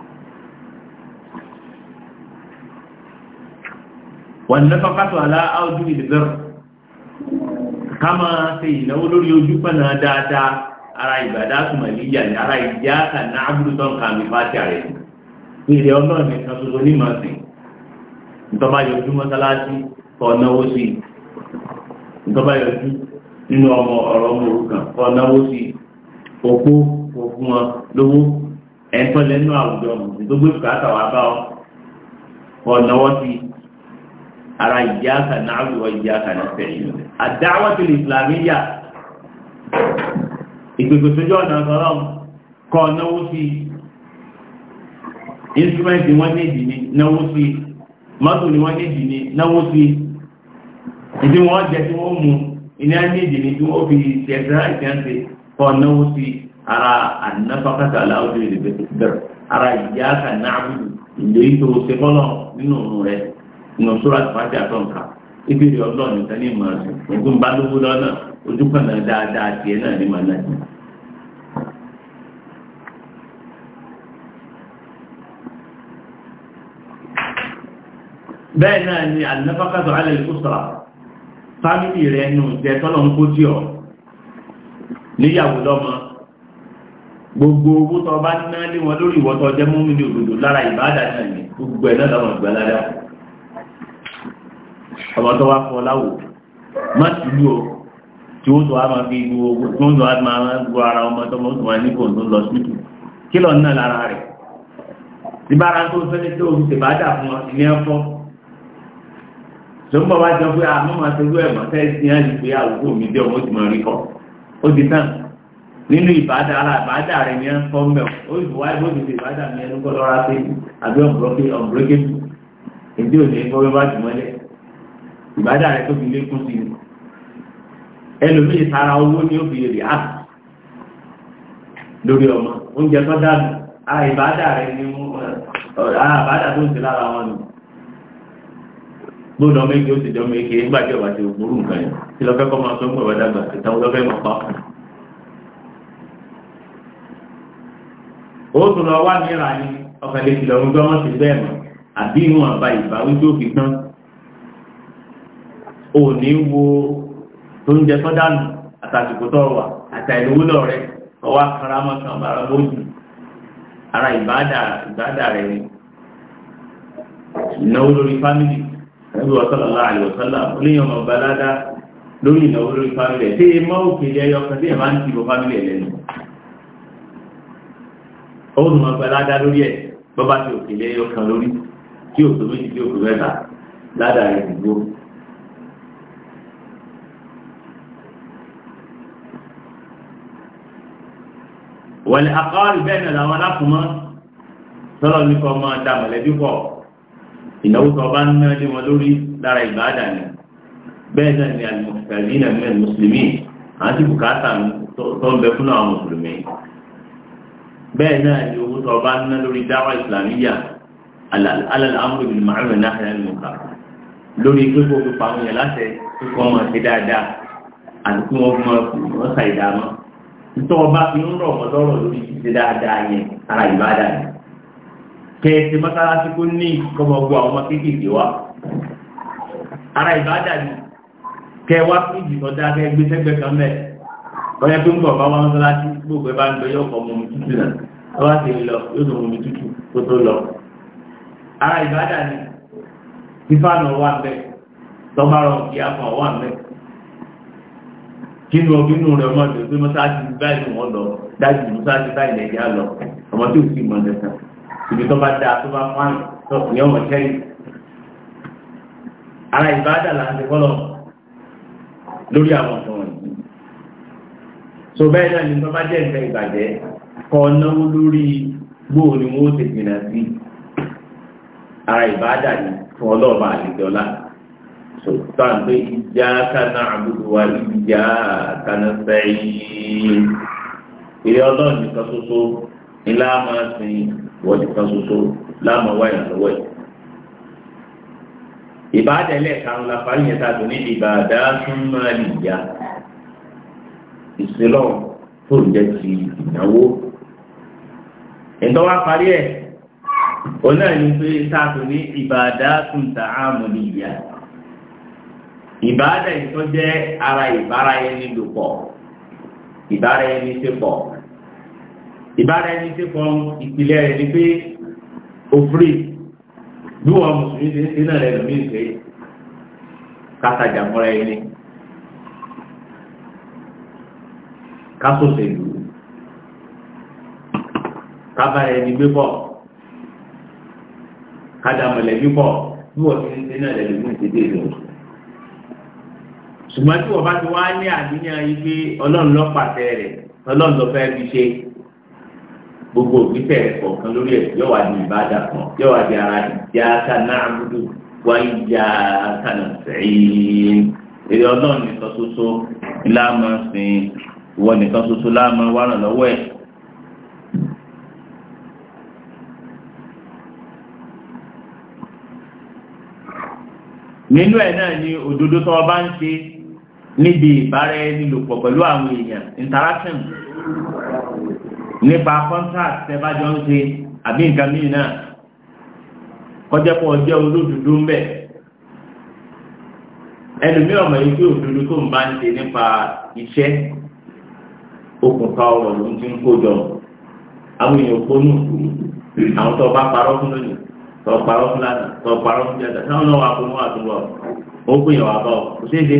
wọ́n lọ́fà pàtó aláàájú ìdìbẹ̀rù ká máa ṣe ìnáwó lórí ojú pẹ̀lú dáadáa ara ìbàdá àtùmọ̀lìyà ní ara ìjà kàná àbúrútọ́ nǹkan àmì fàtí rẹ̀ ìrè ọlọ́run nìkan ṣoṣo ní màá sìn ìtọ́ba yọjú mọ́sálásí ọ̀nàwó sí ìtọ́ba yọjú nínú ọmọ ọ̀rọ̀ ọmọ òrukàn ọ̀nàwó sí òpó òfun wọn lówó ẹ̀ńtọ́lẹ́nu àwùjọ tó gbé bùkátà wà bá ọ ọ̀nàwó sí i ara iyyaka na'budu wa iyyaka nasta'in ad-da'watu al-islamiyya ìgbègbè sójú ọ̀nà ọ̀sọ̀rọ̀ kọ́ náwó sí instrumenti wọ́n ní ìdí náwó sí mọ́tò ni wọ́n ní ìdí náwó sí ìdí wọ́n jẹ tí wọ́n mú iná ní ìdí tí wọ́n fi kọ́ náwó sí ara ànáfàkàtà aláwọ̀dé ìdìbẹ̀rẹ̀ ara ìyá kan náà nínú rẹ̀ nínú sọ́ra tìfájà àtọ̀nká ìbéèrè ọlọ́run nìkan ní ìmọ̀ ọ̀sìn ogun bá lówó lọ́nà ojúkan náà dáadáa tiẹ̀ náà ní màá náà bẹ́ẹ̀ náà ni ànáfàkàtọ̀ alẹ́ ìkúsọ̀rà fámìlì rẹ̀ nù jẹ́ tọ́lọ̀ ń kó tí ọ̀ níyàwó lọ́mọ gbogbo owó tó bá ná lé lórí ìwọ́tọ̀ jẹ́ mú ní òdòdó lára ìbáàdà náà ni gbogbo ẹ̀ náà lọ́wọ́ ìgbàlára ọmọ tó wá fún ọ láwò má ti lú o tí ó tó wá máa fi gbogbo owó tó ń lọ á máa gbogbo ara ọmọ tó mọ́ tó wá nípò tó lọ sí tù kí lọ náà lára rẹ̀ ìbára tó fẹ́ ní tó o ṣe bá dà fún ọ ilé ẹ̀fọ́ tó ń bọ̀ wá jọ pé àmọ́ máa ṣe wúwẹ̀ mọ́ tẹ́sí ní àyè pé àwòkọ́ mi dé ọmọ ti máa rí kọ́ ó ti tán nínú ìbádà ara ìbádà rẹ̀ ní ẹ̀fọ́ mẹ́ ó sì wá ìbò ti ṣe ìbádà mi ẹnu kọ́ lọ́ra pé àbí ọ̀bùrọ̀kẹ́ ọ̀bùrọ̀kẹ́ èdè òní ẹgbẹ́ bá jù ìbádà rẹ̀ tó fi lékún sí ni ẹlòmíì owó ni ó fi rí àt lórí ọmọ oúnjẹ tó a ìbádà rẹ̀ ni àbádà tó ń ṣe lára wọn ni gbọ́dọ̀ méje ó ti jọ méje nígbàjẹ́ wà ti ògbóró nǹkan yẹn tí lọ́fẹ́ kọ́ máa tó ń dàgbà pa ó tún lọ wá ní lọ́rùn gbọ́mọ̀ sí bẹ́ẹ̀ àbí ìwọ̀n àbá ìbáwí òní wo tó dànù àtàsìkò tó wà àtàìlówólọ rẹ ọwá karamọ kan lójú ara ìbádà ìbádà ni ìnáwó lórí fámìlì ẹgbẹ́ ọ̀sọ́lọ́lá àlùsọ́lá oníyàn ọmọ balada lórí ìnáwó lórí fámìlì ẹ̀ tí ẹ mọ́ òkèlè ẹyọ kan tí ẹ máa ń ti bọ fámìlì ẹ̀ lẹ́nu ó nù ọmọ balada lórí ẹ̀ bọ́bá ti òkèlè ẹyọ kan lórí tí òkè méjì tí òkè mẹ́ta ládàá ẹ̀ dìgbò wọ́n lè akọ́ọ̀lù bẹ́ẹ̀ náà làwọn alákùnmọ́ sọ́lọ́ ní kọ́ máa da mọ̀lẹ́bí pọ̀ ìnáwó tó bá ń náà lé wọn lórí lára ìbáàdà ni bẹ́ẹ̀ náà ni àlùmọ̀kàlì náà mẹ́rin mùsùlùmí àti bùkátà tó ń bẹ fún àwọn mùsùlùmí bẹ́ẹ̀ náà ni owó tó bá ń ná lórí dáwà ìsìlámíyà alàlámúrò ìlú màálù náà ní àlùmọ̀kà lórí gbogbo pípa yẹn láti kíkọ́ máa ṣe dáadáa àti kí wọ́n máa ṣàìdá ìtọ́ ọba fi ń rọ̀ wọ́n lọ́rọ̀ lórí ṣíṣe dáadáa yẹn ara ìbáda yẹn kẹ̀sì mọ́sálásí kó ní kọmọ gbọ́ àwọn ọmọ kéékèèké wa ara ìbáda yẹn kẹwàá fún ìjìtọ́ dákẹ́ gbé sẹ́gbẹ́ kan mẹ́ ọ̀yẹ́ pé ń bọ̀ bá wọn mọ́sálásí gbogbo ẹ bá ń gbé yóò kọ́ mọ́mí tútù náà ọba ti lọ yóò tó mọ́mí tútù tó tó lọ ara ìbáda yẹn fífàánù wà mẹ́ tọ́mọ́rọ̀ kínú ọdún inú rẹ̀ ọmọ ìlú pé mọ́sáàtì báyìí wọ́n lọ dájú mọ́sáàtì báyìí lẹ́yìn á lọ ọmọ tó sì mọ̀ nìkan ibi tó bá dáa tó bá fún àyè tó kù yọmọ sẹ́yìn. ara ìbáàdà là ń ti kọ́lọ̀ lórí àwọn ọ̀sán wọn. so bẹ́ẹ̀ náà ni tó bá jẹ́ nǹkan ìbàjẹ́ kọ́ náwó lórí gbóò ni wọ́n ti gbìnà sí ara ìbáàdà ni fún ọlọ́ọ̀bà àdìjọ́lá sultan pé ìjà kaná àbúrò ìjà kaná sẹ́yìn ìrẹ́ ọlọ́run nìkan ṣoṣo ni láàmà sìn wọ́n nìkan ṣoṣo láàmà wáyà lọ́wọ́ ẹ̀. ìbádẹ́lẹ̀ karùn-ún la parí yẹn tàbí ní ìbàdá súnmọ́ ìyá ìsìlọ̀ tó ń jẹ́ ti ìnáwó. ìtọ́wá parí ẹ̀ òun náà ní pé tàbí ní ìbàdá súnmọ́ ìyá ìbáàdà yìí tó jẹ́ ara ìbára ẹni lòpọ̀ ìbára ẹni ṣepọ̀ ìbára ẹni ṣepọ̀ ìpìlẹ̀ rẹ̀ ni pé òfurì bí wọn mùsùlùmí ṣe ń ṣe náà lẹ́nu mí ṣe kásàjà mọ́ra ẹni kásòṣèlú kábàárẹ̀ ẹni gbé pọ̀ kádàmọ̀lẹ́bí pọ̀ bí wọn ṣe ń ṣe náà lẹ́nu mí ṣe dé ìlú ṣùgbọ́n tí wọ́n bá ti wá ní àníyàn yìí pé ọlọ́run ló pàṣẹ rẹ̀ ọlọ́run ló fẹ́ fi ṣe gbogbo òfìfẹ́ kọ̀ọ̀kan lórí ẹ̀ yóò wá di ìbáàdà kan yóò wá di ara ìjà kaná àbúdù wá ìjà kaná sẹ́yìn èrè ọlọ́run nìkan ṣoṣo láàmú sin ìwọ nìkan ṣoṣo láàmú wàràn lọ́wọ́ ẹ̀. nínú ẹ̀ náà ni òdodo tí wọ́n bá ń ṣe níbi ìbára ẹni lòpọ̀ pẹ̀lú àwọn èèyàn interaction nípa contract tẹ́bájọ́ ń ṣe àbí nǹkan míì náà kọjá pọ̀ jẹ́ olódodo ń bẹ̀ ẹlòmí ọmọ yìí pé òdodo tó ń bá ń ṣe nípa iṣẹ́ okùnfà ọ̀rọ̀ ló ń ti ń kó jọ àwọn èèyàn kónú àwọn tó bá parọ́ fún lónìí tó parọ́ fún lánàá tó parọ́ fún jẹ́ta táwọn náà wà fún wọn àtúbọ̀ ó gbìyànjú àbọ̀ kò ṣeé ṣe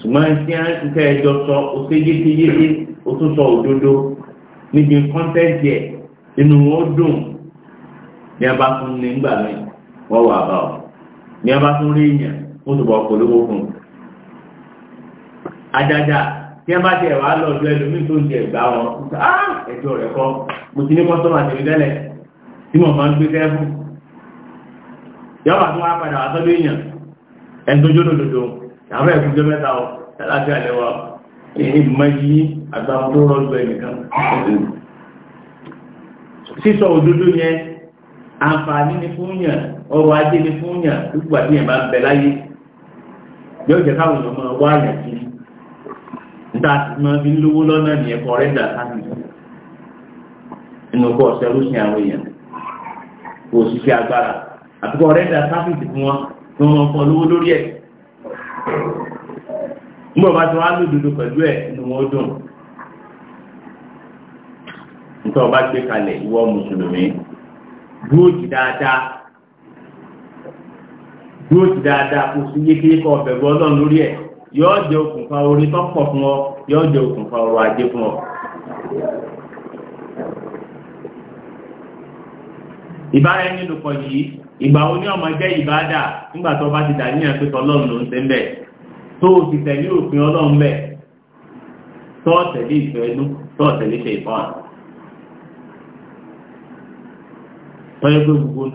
ṣùgbọ́n tí a ń tẹ́ ẹjọ́ sọ ó ṣe yékéyéké ó tún sọ òdodo níbi kọ́ńtẹ́ǹtì ẹ̀ inú wọn dùn ní a bá tún ní gbà mí wọ́n wà bá ọ ní a bá tún rí èèyàn ó sì bọ̀ polówó fún un. ajaja tí a bá tẹ̀ wá lọ ọjọ́ ẹlòmíì tó ń jẹ ìgbà wọn ah, ẹjọ́ rẹ̀ kọ́ mo ti ní kọ́sọ́mà tèmi tẹ́lẹ̀ tí mo máa ń gbé tẹ́ fún àwọn ẹ̀kùn jẹ́ mẹ́ta ọ̀ tẹ́láfí àlẹ́wà èyí mẹ́yí àgbàmọ́tò rọ́gbẹ̀ nìkan sísọ òdodo yẹn àǹfààní ni fún yàn ọrọ̀ ajé ni fún yàn gbogbo àti yàn bá bẹ láyé yóò jẹ́ káwọn ọmọ wá yàn sí níta àti mọ́ fi ń lówó lọ́nà ní mgbe bá ti wá lódodo pẹ̀lú ẹ̀ ni wọ́n dùn nítorí ọba gbé kalẹ̀ ìwọ mùsùlùmí dúró dáadáa dúró dáadáa kò sí yékéyé kọ ọbẹ̀ bọ́ lórí ẹ̀ jẹ okùnfà orí tó fún ọ yóò jẹ okùnfà ọrọ̀ ajé fún ọ. ìbára ìgbà wo ní ọmọ jẹ́ ìbádà nígbà tó bá ti dà ní ẹ̀pẹ́ ọlọ́run ló ń ṣe ń tó o ti tẹ̀lé òfin ọlọ́run bẹ̀ tó o tẹ̀lé ìfẹ́ pé gbogbo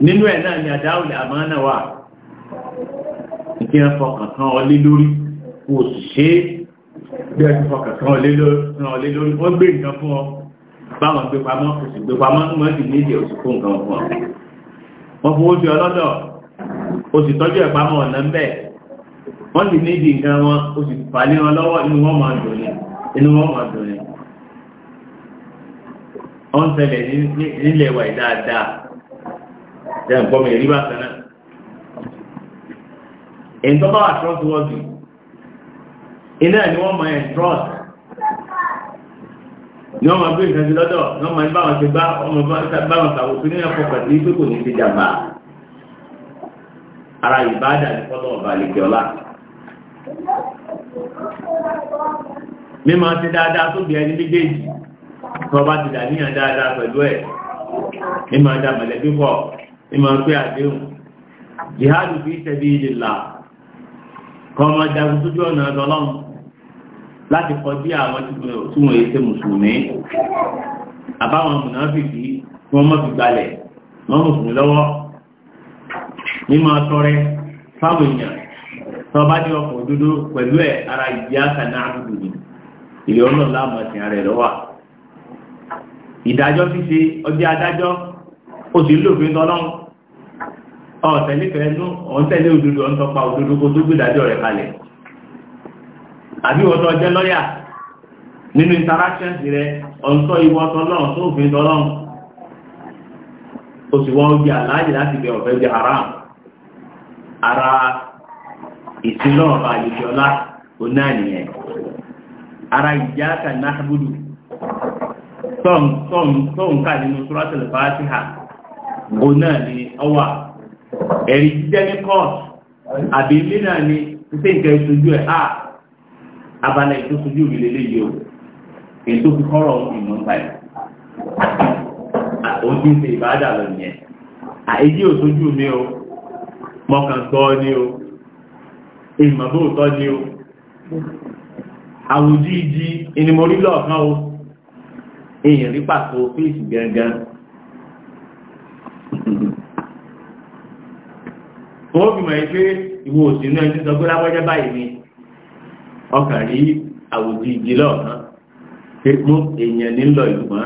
rí orí ni àdáwòlẹ̀ àmọ́ náà wà fọkàn kan ọ lé lórí bí ẹni fọkàn kan lé lórí wọ́n gbé nǹkan fún ọ báwọn gbé pamọ́ oṣù gbé pamọ́ wọ́n sì ní ìdí oṣù fún nǹkan fún ọ wọ́n fowó sí ọlọ́dọ̀ oṣù tọ́jú ẹ̀ pamọ́ ọ̀nà ń bẹ̀ wọ́n sì ní ìdí nǹkan wọn oṣù fàlẹ́ wọn lọ́wọ́ inú wọn máa dùn ní inú wọn máa dùn ní. wọ́n tẹ̀lé nílẹ̀ wà dáadáa jẹ́ nǹkan mi bá iná ni wọ́n ma ẹ̀trọ́t ni wọ́n mọ̀ gbé nǹkan lọ́dọ̀ ni wọ́n bá wọn ti bá ọmọ bá wọn kàwọ́ sí ní pẹ̀lú kò ní ti jàmbá ara ìbáàdà ní fọ́tọ̀ ọ̀bà àlèkè ọ̀la ti dáadáa tó bí ẹni méjèèjì tó bá ti dàníyàn dáadáa pẹ̀lú ẹ̀ mọ̀lẹ́bí pọ̀ pé àdéhùn jihadu fi jagun ọ̀nà ọ̀dọ́lọ́run láti kọjú àwọn tí wọ́n yẹ ṣe mùsùlùmí àbáwọn mùnàfíìsì wọ́n mọ́ fi gbalẹ̀ mọ́ mùsùlùmí lọ́wọ́ mímọ́ tọrẹ fáwọn èèyàn tó bá ní ọkọ̀ òdodo pẹ̀lú ẹ̀ ara ìjì àkànná àbùdù ni ilé ọlọ́run láàmú ẹ̀sìn ara ẹ̀ lọ́wọ́ ìdájọ́ ṣíṣe ọjọ́ adájọ́ ó sì ọ̀tẹ̀lẹ́fẹ̀ẹ́ nú òdodo òdodo kó tó gbé ìdájọ́ rẹ̀ kalẹ̀ àbí wọ́n tó jẹ́ lọ́yà nínú interactions rẹ̀ ọ̀ntọ́ ìwọ tọ́lọ́run tó òfin tọ́lọ́run ó sì wọ́n gbé aláàjì láti bẹ ọ̀fẹ́ jẹ́ haram ara ìsinlọ́run bá yìí ṣọlá ó náà nìyẹn ara iyyaka na'budu tọ́ǹkà nínú suratul Fatiha ó náà ni ọwà ẹ̀rí jíjẹ́ ní kọ́ọ̀tù àbí ilé náà ni ṣe nǹkan ìṣojú ẹ̀ áà ah, abala ìdókojú òbí lélẹ́yìí o ètò kọ́rọ̀ ìmọ̀ nípa ẹ̀ ojú ṣe ìbáàdà lọ nìyẹn àìjí òtójú ní o mọ́kàn tọ́ ní o ìmọ̀ bó tọ́ ní o àwùjí ìjí ìnimorí lọ́ọ̀kan o èèyàn rí pàtó fíìsì gangan wọ́n fi mọ̀ ẹ́ pé ìwọ òsínú ẹni sọ pé lápẹ́jẹ́ báyìí ni ọkàn rí àwùjọ ìjìlọ kan pépó èèyàn nílò ìgbọ́n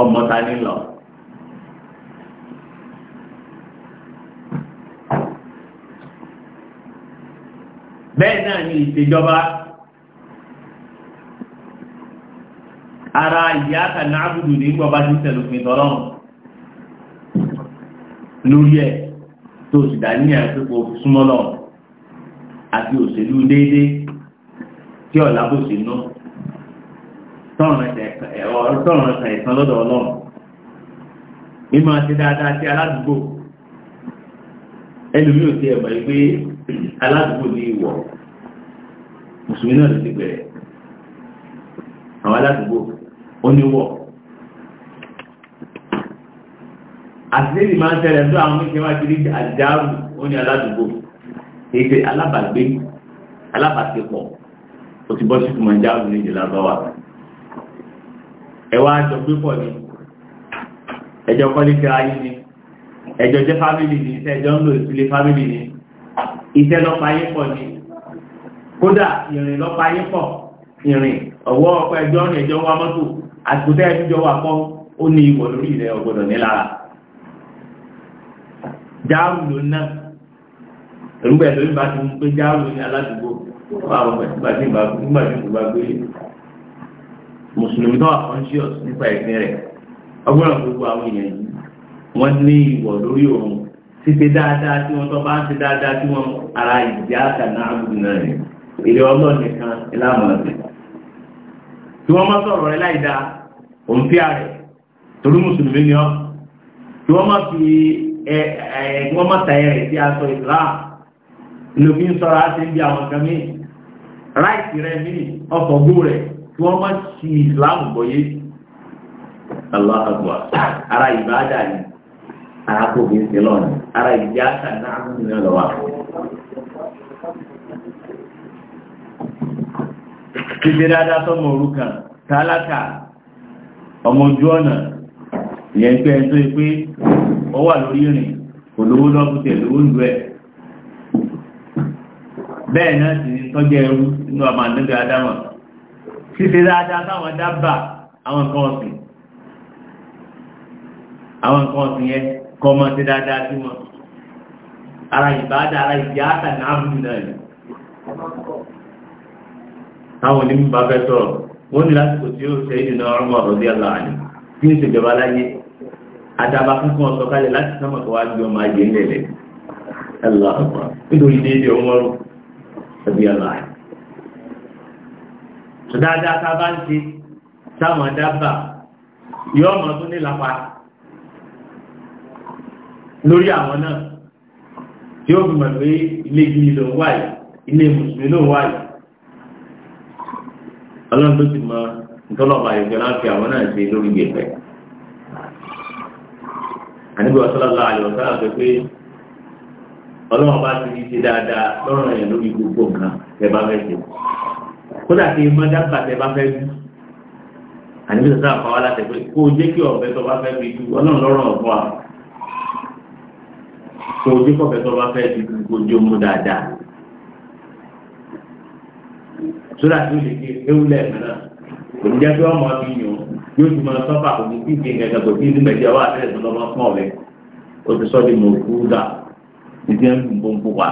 ọmọta nílò. bẹ́ẹ̀ náà ni ìṣèjọba ara ìyáka náàbùdù ní gbọba tí tẹ̀lùfin tọ́lọ́run lórí ẹ̀ tó sì dá ní àtúkò súnmọ́lọ́run àti òṣèlú déédé tí ọ̀la bó ṣe ná tọ́rùn ẹ̀sán ẹ̀sán lọ́dọ̀ ọlọ́run mímọ́ ti dáadáa sí aládùúgbò ò ti ẹ̀mọ̀ náà ló ti bẹ̀rẹ̀ àwọn aládùúgbò ó ní wọ̀ àti máa ń tó àwọn wá kiri ní aládùúgbò. èyí tẹ alábàgbé alábàṣepọ̀ o ti bọ́ sí tuma jáwé ní ìjìlá bá wa ẹ wá jọ pé pọ̀ ni ẹjọ́ kọ́lé ti ayé ni ẹjọ́ jẹ́ fámìlì ni iṣẹ́ ẹjọ́ ń lò ìpìlẹ̀ fámìlì ni iṣẹ́ lọ́pàá yé pọ̀ ni kódà ìrìn lọ́pàá yé pọ̀ ìrìn ọ̀wọ́ ọ̀pọ̀ ẹjọ́ rìn ẹjọ́ wa mọ́tò àsìkò tẹ́ ẹjọ́ jọ wà pọ̀ ó ní ìwọ̀ lórí rẹ̀ ọ̀gbọ̀dọ̀ ní lára jáwé ló náà èrúgbà ẹ̀sọ́ nígbà tí mo gbé jáàmù ní aládùúgbò fún àwọn ìgbà tí ìgbà nígbà tí ìgbà gbé mùsùlùmí náà conscious nípa ẹ̀sìn rẹ̀ ọgbọ́n gbogbo àwọn èèyàn yìí wọ́n ní ìwọ̀ lórí òun ṣíṣe dáadáa tí wọ́n tọ́ bá ń ṣe dáadáa tí wọ́n ara ìdí àṣà náà gbùdù náà rẹ̀ èdè ọlọ́ọ̀nì kan ìlànà rẹ̀ tí wọ́n máa sọ̀rọ̀ rẹ̀ láìda òun fíà rẹ̀ torí mùsùlùmí ni ọ́ tí wọ́n máa fi ẹ̀ ẹ̀ wọ́n máa tàyẹ̀ rẹ̀ sí aṣọ ìsìláàmù lómi ń sọ́ra á ti ń bí àwọn nǹkan mí ráìtì rẹ̀ mí ọkọ̀ gbó rẹ̀ tí wọ́n má gbọ́yé aláàgbà ara ìbáadà ni ara kò ń sin lọ́nà ara ìdí na náà ń rìn lọ́wọ́ títí dáadáa sọmọ tálákà ọmọ ojú ọ̀nà ìyẹn pé bẹ́ẹ̀ náà sì ní tọ́jẹ́ ẹrú inú ọmọ àdúgbò adámọ̀ ṣíṣe dáadáa táwọn dábà àwọn nǹkan ọ̀sìn àwọn nǹkan ọ̀sìn yẹn kọ́ ọmọ sí dáadáa sí wọn ara ìbáadà ara ìdí àtà náà bù náà ni táwọn onímọ̀ bá fẹ́ sọ̀rọ̀ wọ́n ní lásìkò tí ó ṣe ìdènà ọ̀rọ̀ ọ̀rọ̀ sí ọ̀la àní tí ń ṣèjọba láyé àdàbà fúnfún ọ̀sọ̀kalẹ̀ láti sọ́mọ̀ tó wá gbé ọmọ ajé ńlẹ̀lẹ̀ ẹ̀ lọ́pàá nítorí déédéé ọmọ ọrùn ẹbí ọ̀la rẹ̀. Dáadáa ta bá ń ṣe táwọn dábà yóò mọ̀ tó ní lápá lórí àwọn náà tí ó fi mọ̀ pé ilé gidi ló ń wáyé ilé mùsùlùmí ló ń wáyé. Ọlọ́run tó ti mọ ìtọ́lọ́pàá ìgbẹ́ láti àwọn náà ṣe lórí gbèsè. Àníbi ọ̀sán lọ́la àyọ̀ pé pé ọlọ́run bá ti di ṣe dáadáa lọ́rùn ẹ̀yàn lórí gbogbo nǹkan tẹ́ bá fẹ́ ṣe kódà kí ẹ máa dábàá tẹ́ bá fẹ́ bí àníbi sọ́sọ́ àpáwá láti pé kó o jẹ́ kí ọ̀bẹ tó bá fẹ́ bí ju ọlọ́run lọ́rùn ọ̀fọ́ à kó o jẹ́ kí ọ̀bẹ tó bá fẹ́ bí ju kó o jẹ́ mú dáadáa sódà tí o lè ṣe ewu lẹ́ẹ̀kan kò ní jẹ́ pé ọmọ mi yàn yóò ti máa sọ́fà kò ní kí ìgbìyànjú títí ẹ̀ lù ń bó ń bó wa.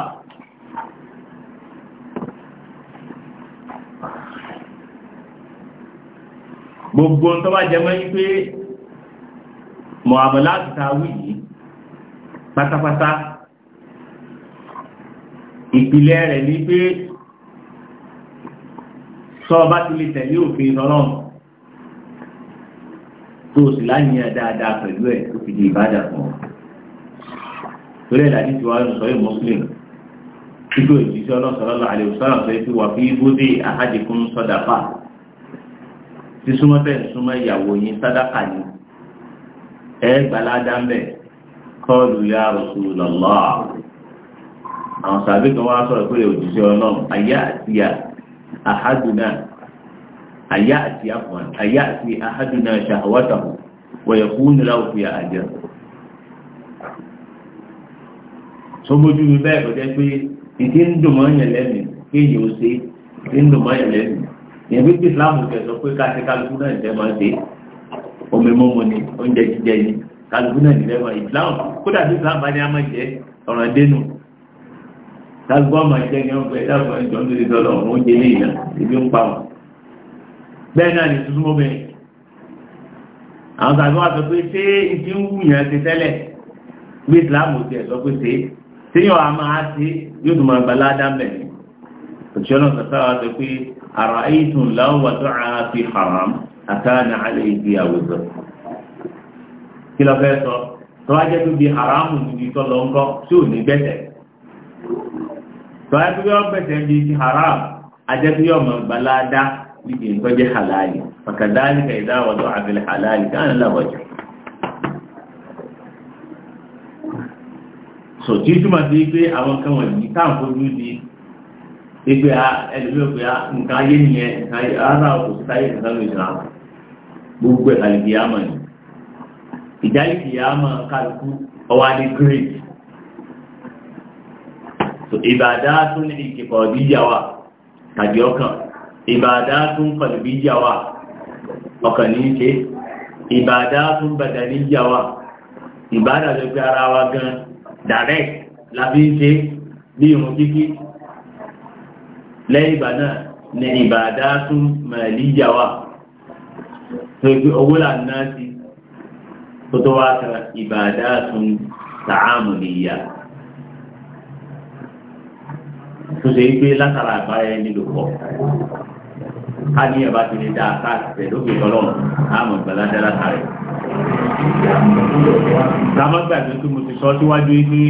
gbogbo tó bá jẹ mọ́yí pé mọ̀àmọ́ láti ta wí yìí pátápátá ìpìlẹ̀ rẹ̀ ni pé sọ bá ti lè tẹ̀lé òfin ọlọ́run tó sì láyìn dáadáa pẹ̀lú ẹ̀ tó fi di ìbádà fún ọ torí ẹ̀dá títí wa ń sọ yìí muslim títí òjíṣẹ́ ọlọ́sọ̀rọ̀lọ́ àlèwòsàn sọ pé wà fi bóde ahadikum sadaqa tí súnmọ́ bẹ́ẹ̀ súnmọ́ ìyàwó yín sadaqa ni ẹ gbalada ń bẹ̀ kọ́ọ̀lù ya Rasulullah àwọn sàbí kan wá sọ̀rọ̀ pé òjíṣẹ́ ọlọ́run ayé àtìyà ahaduna ayé àti ahaduna shahwatahu wa yakunu lahu fi sọmójú mi bẹ́ẹ̀ kọjá pé ìdí ń dùn mọ́ yẹn lẹ́nu kéèyàn ó ṣe ìdí ń dùn mọ́ yẹn lẹ́nu yẹn bí kí Islam kẹ sọ pé káṣí kálukú náà ń tẹ́ ṣe omi mímu ni oúnjẹ jíjẹ ni kálukú náà nílẹ̀ máa Islam kódà bí Islam bá ní a máa jẹ ọ̀ràn dénú kálukú àmà jẹ ní ọgbẹ dáàbò ẹjọ ní ìdí oúnjẹ ní ìyá ibi ń pa wọn. bẹ́ẹ̀ náà ni tuntun mọ́bẹ̀ àwọn tàbí wàá sọ pé ṣé ìdí ń wù yẹn ti tíyàn a máa ti yóò tún máa gbalá dábẹ̀ òṣìṣẹ́lọ́ sọ́sọ́ wa sọ pé ara ayétun láwùwà tó a fi haram àtàánà alẹ́ ìdí àwùjọ kí lọ fẹ́ sọ tó wá jẹ́ tó di haramu níbi tó lọ ń kọ́ tí ò ní gbẹ̀sẹ̀ tó wá tó yọ gbẹ̀sẹ̀ ti haram ajẹ́ tó yọ máa dá níbi nǹkan jẹ́ halali fàkàdálì ìdáwọ̀ tó àfẹlẹ̀ halali káà ń làwọ̀jọ́ so tí túmọ̀ sí pé àwọn kan wọ̀nyí di pé ẹlòmí ò pé nǹkan ayé nìyẹn nǹkan ayé rárá o kò sí nǹkan lóye ìlànà gbogbo ẹ̀ kàlìkì mọ̀ mọ̀ ọwọ́ adé great so ìbàdá tún ní ìkẹ̀kọ̀ ọ̀dí yà wá tàbí ọkàn ìbàdá tún kọ̀lùbí yà wá ọkàn ní í ìbàdá tún bàdà ní direct lábí ń ṣe bí irun kíkí lẹ́yìn náà ni ìbàdá tún màlíyà wà tó gbé owó lànà sí tó tó wá kan ìbàdá tún tààmù nìyà tó ṣe gbé látara àgbáyé nílò pọ̀ ká ní ẹ̀bá ti lè dáa káàkiri lókè ọlọ́run àmọ̀ ìgbàlá dára sáré. Tàbá tó mo sọ síwájú pé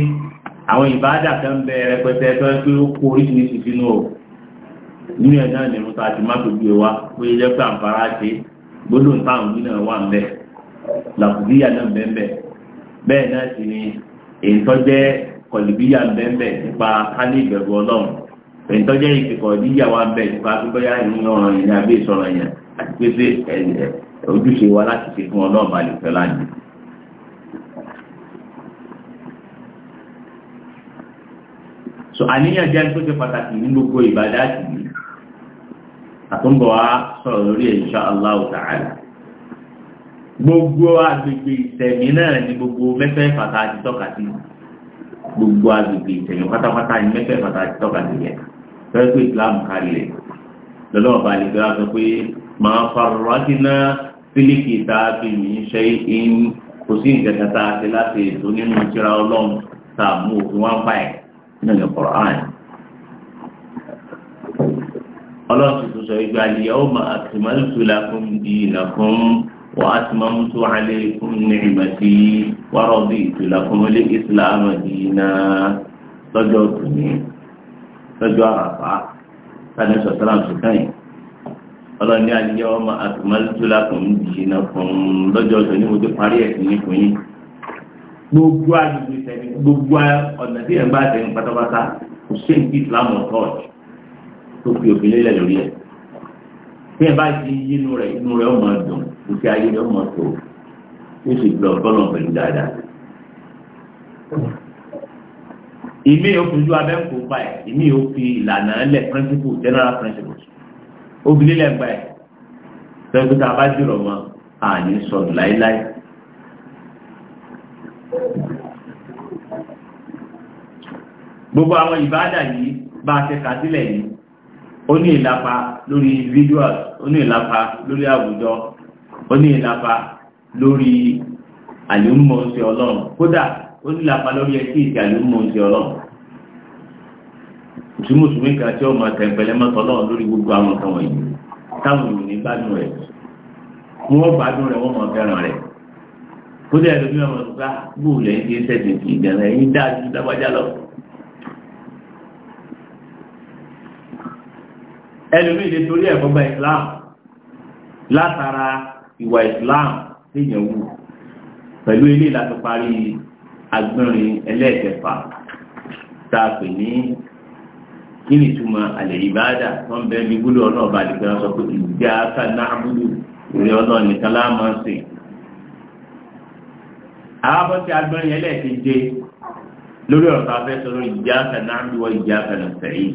àwọn ìbáàdà kan ń bẹ rẹpẹtẹ tó pé ó kó oríṣiríṣi sínú o nínú ẹ̀ náà nìrún tá a ti má gbogbo ẹ̀ wá pé jẹ́ pé àǹfààrà ṣe gbólóhùn táwọn òbí náà wà ń bẹ làkùdíyà náà bẹ́ẹ̀ bẹ́ẹ̀ bẹ́ẹ̀ náà sì ni èyí tó jẹ́ kọ̀lìbíyà ń bẹ́ẹ̀ bẹ́ẹ̀ nípa kálí ìbẹ̀rù ọlọ́run èyí tó so àníyàn jẹ́ tó ṣe pàtàkì ní gbogbo ìbàdá sí i àtúnbọ̀ wa sọ̀rọ̀ lórí ẹ̀ insha ta'ala gbogbo agbègbè ìtẹ̀mí náà ni gbogbo mẹ́fẹ́ fàtà àti tọ́ka sí gbogbo agbègbè ìtẹ̀mí pátápátá ni mẹ́fẹ́ fàtà àti tọ́ka sí yẹn fẹ́ẹ́ pé ìsìlámù kárí rẹ̀ lọ́lọ́wọ́ bá lè gbéra sọ pé máa farratna fil kitabi min shay'in kò sí ìgbẹ́kẹta àti láti ètò nínú ìṣẹ́ra ọlọ́run tá a mú òfin wá ń báyìí nínú Al-Qur'an ọlọ́run tuntun sọ ìgbà al-yawma akmaltu lakum dinakum wa atmamtu alaykum ni'mati wa raditu lakum al-islamu dinan lọ́jọ́ tòní lọ́jọ́ àràfà sani sọ̀tàlám sọ̀tàyìn ọlọ́ni al-yawma akmaltu lakum dinakum lọ́jọ́ tòní mo ti parí ẹ̀sìn yín fún yín gbogbo agbègbè sẹ́ni gbogbo ọ̀nà tí ẹ̀ ń bá sẹ́ni pátápátá kò ṣe ń kí Islam ọ̀tọ́ọ̀tì tó fi òfin lélẹ̀ lórí ẹ̀ tí ẹ̀ bá ti yí inú rẹ̀ inú rẹ̀ ọmọ dùn ìṣe ayé rẹ̀ ọmọ tó ó sì gbọ́ ọ̀tọ́nà pẹ̀lú dáadáa. ìmí yóò fojú abẹ́ ń kó pa ẹ̀ ìmí yóò fi ìlànà lẹ̀ principle general principles obìnrin lẹ̀ ń pa ẹ̀ tẹ́gbẹ́ta bá jùlọ mọ́ àní sọ̀rọ̀ láíláí gbogbo àwọn ìbádà yìí bá a ṣe kà sílẹ̀ yìí ó ní ìlapa lórí individuals ó ní ìlapa lórí àwùjọ ó ní ìlapa lórí àlùmọ̀ọ́sẹ̀ ọlọ́run kódà ó ní ìlapa lórí ẹtí ìtì àlùmọ̀ọ́sẹ̀ ọlọ́run tí mùsùlùmí kan tí ó máa tẹ̀pẹ̀lẹ́ mọ́tọ́ ọlọ́run lórí gbogbo àwọn nǹkan wọ̀nyí táwọn èèyàn ní gbádùn rẹ̀ wọ́n gbádùn rẹ̀ wọ́n máa fẹ́ràn rẹ̀ kódà ẹ̀rọ bí wọ́n máa gbá ah, gbòòlẹ̀ ń ṣe sẹ́sìn kì í ẹ̀yìn dáa ju ẹlòmíì lè torí ẹ̀kọ́ gba islam látara ìwà islam téèyàn wù pẹ̀lú ilé láti parí agbọ́nrin ẹlẹ́ẹ̀kẹfà tá a pè ní kí ni ìtumọ̀ àlẹ́ ìbáàdà tó ń bẹ́ẹ̀ bí gbólóhùn náà bá dìgbà sọ pé ìdí àáká náà búlù ìrẹ́ ọlọ́run nìkan láàmú sí i. àwọn tí agbọ́nrin ẹlẹ́ẹ̀keje lórí ọ̀rọ̀ tá ìdí àáká náà búlù ìdí àáká náà sẹ́yìn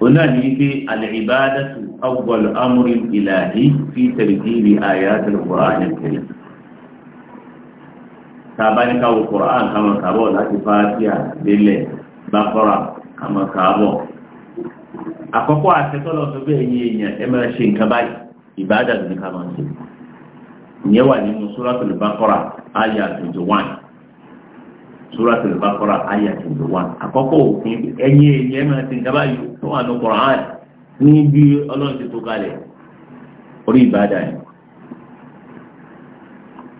ona ni wípé alìbádàtù awwal amúrí ìlàhí fi tẹ̀lifíìrì ayatul Qur'an al-Karim tàbá ní káwọ Qur'an kama kàbọ̀ láti fàátíà délẹ̀ Baqara kama kàbọ̀ àkọ́kọ́ àtẹ́tọ́lọ́ tó bẹ́ẹ̀ yí èèyàn ẹ máa ṣe nǹkan báyìí ìbádàtù ní kama ṣe ìyẹn wà nínú Suratul Baqara ayat surat al-Baqarah ayat twenty one àkọ́kọ́ òfin ẹ̀yin ẹ̀yin ẹ̀ máa ti ń dábàá yìí tó wà ní Qur'an ní bí ọlọ́run ti tó kalẹ̀ orí ìbàdà yìí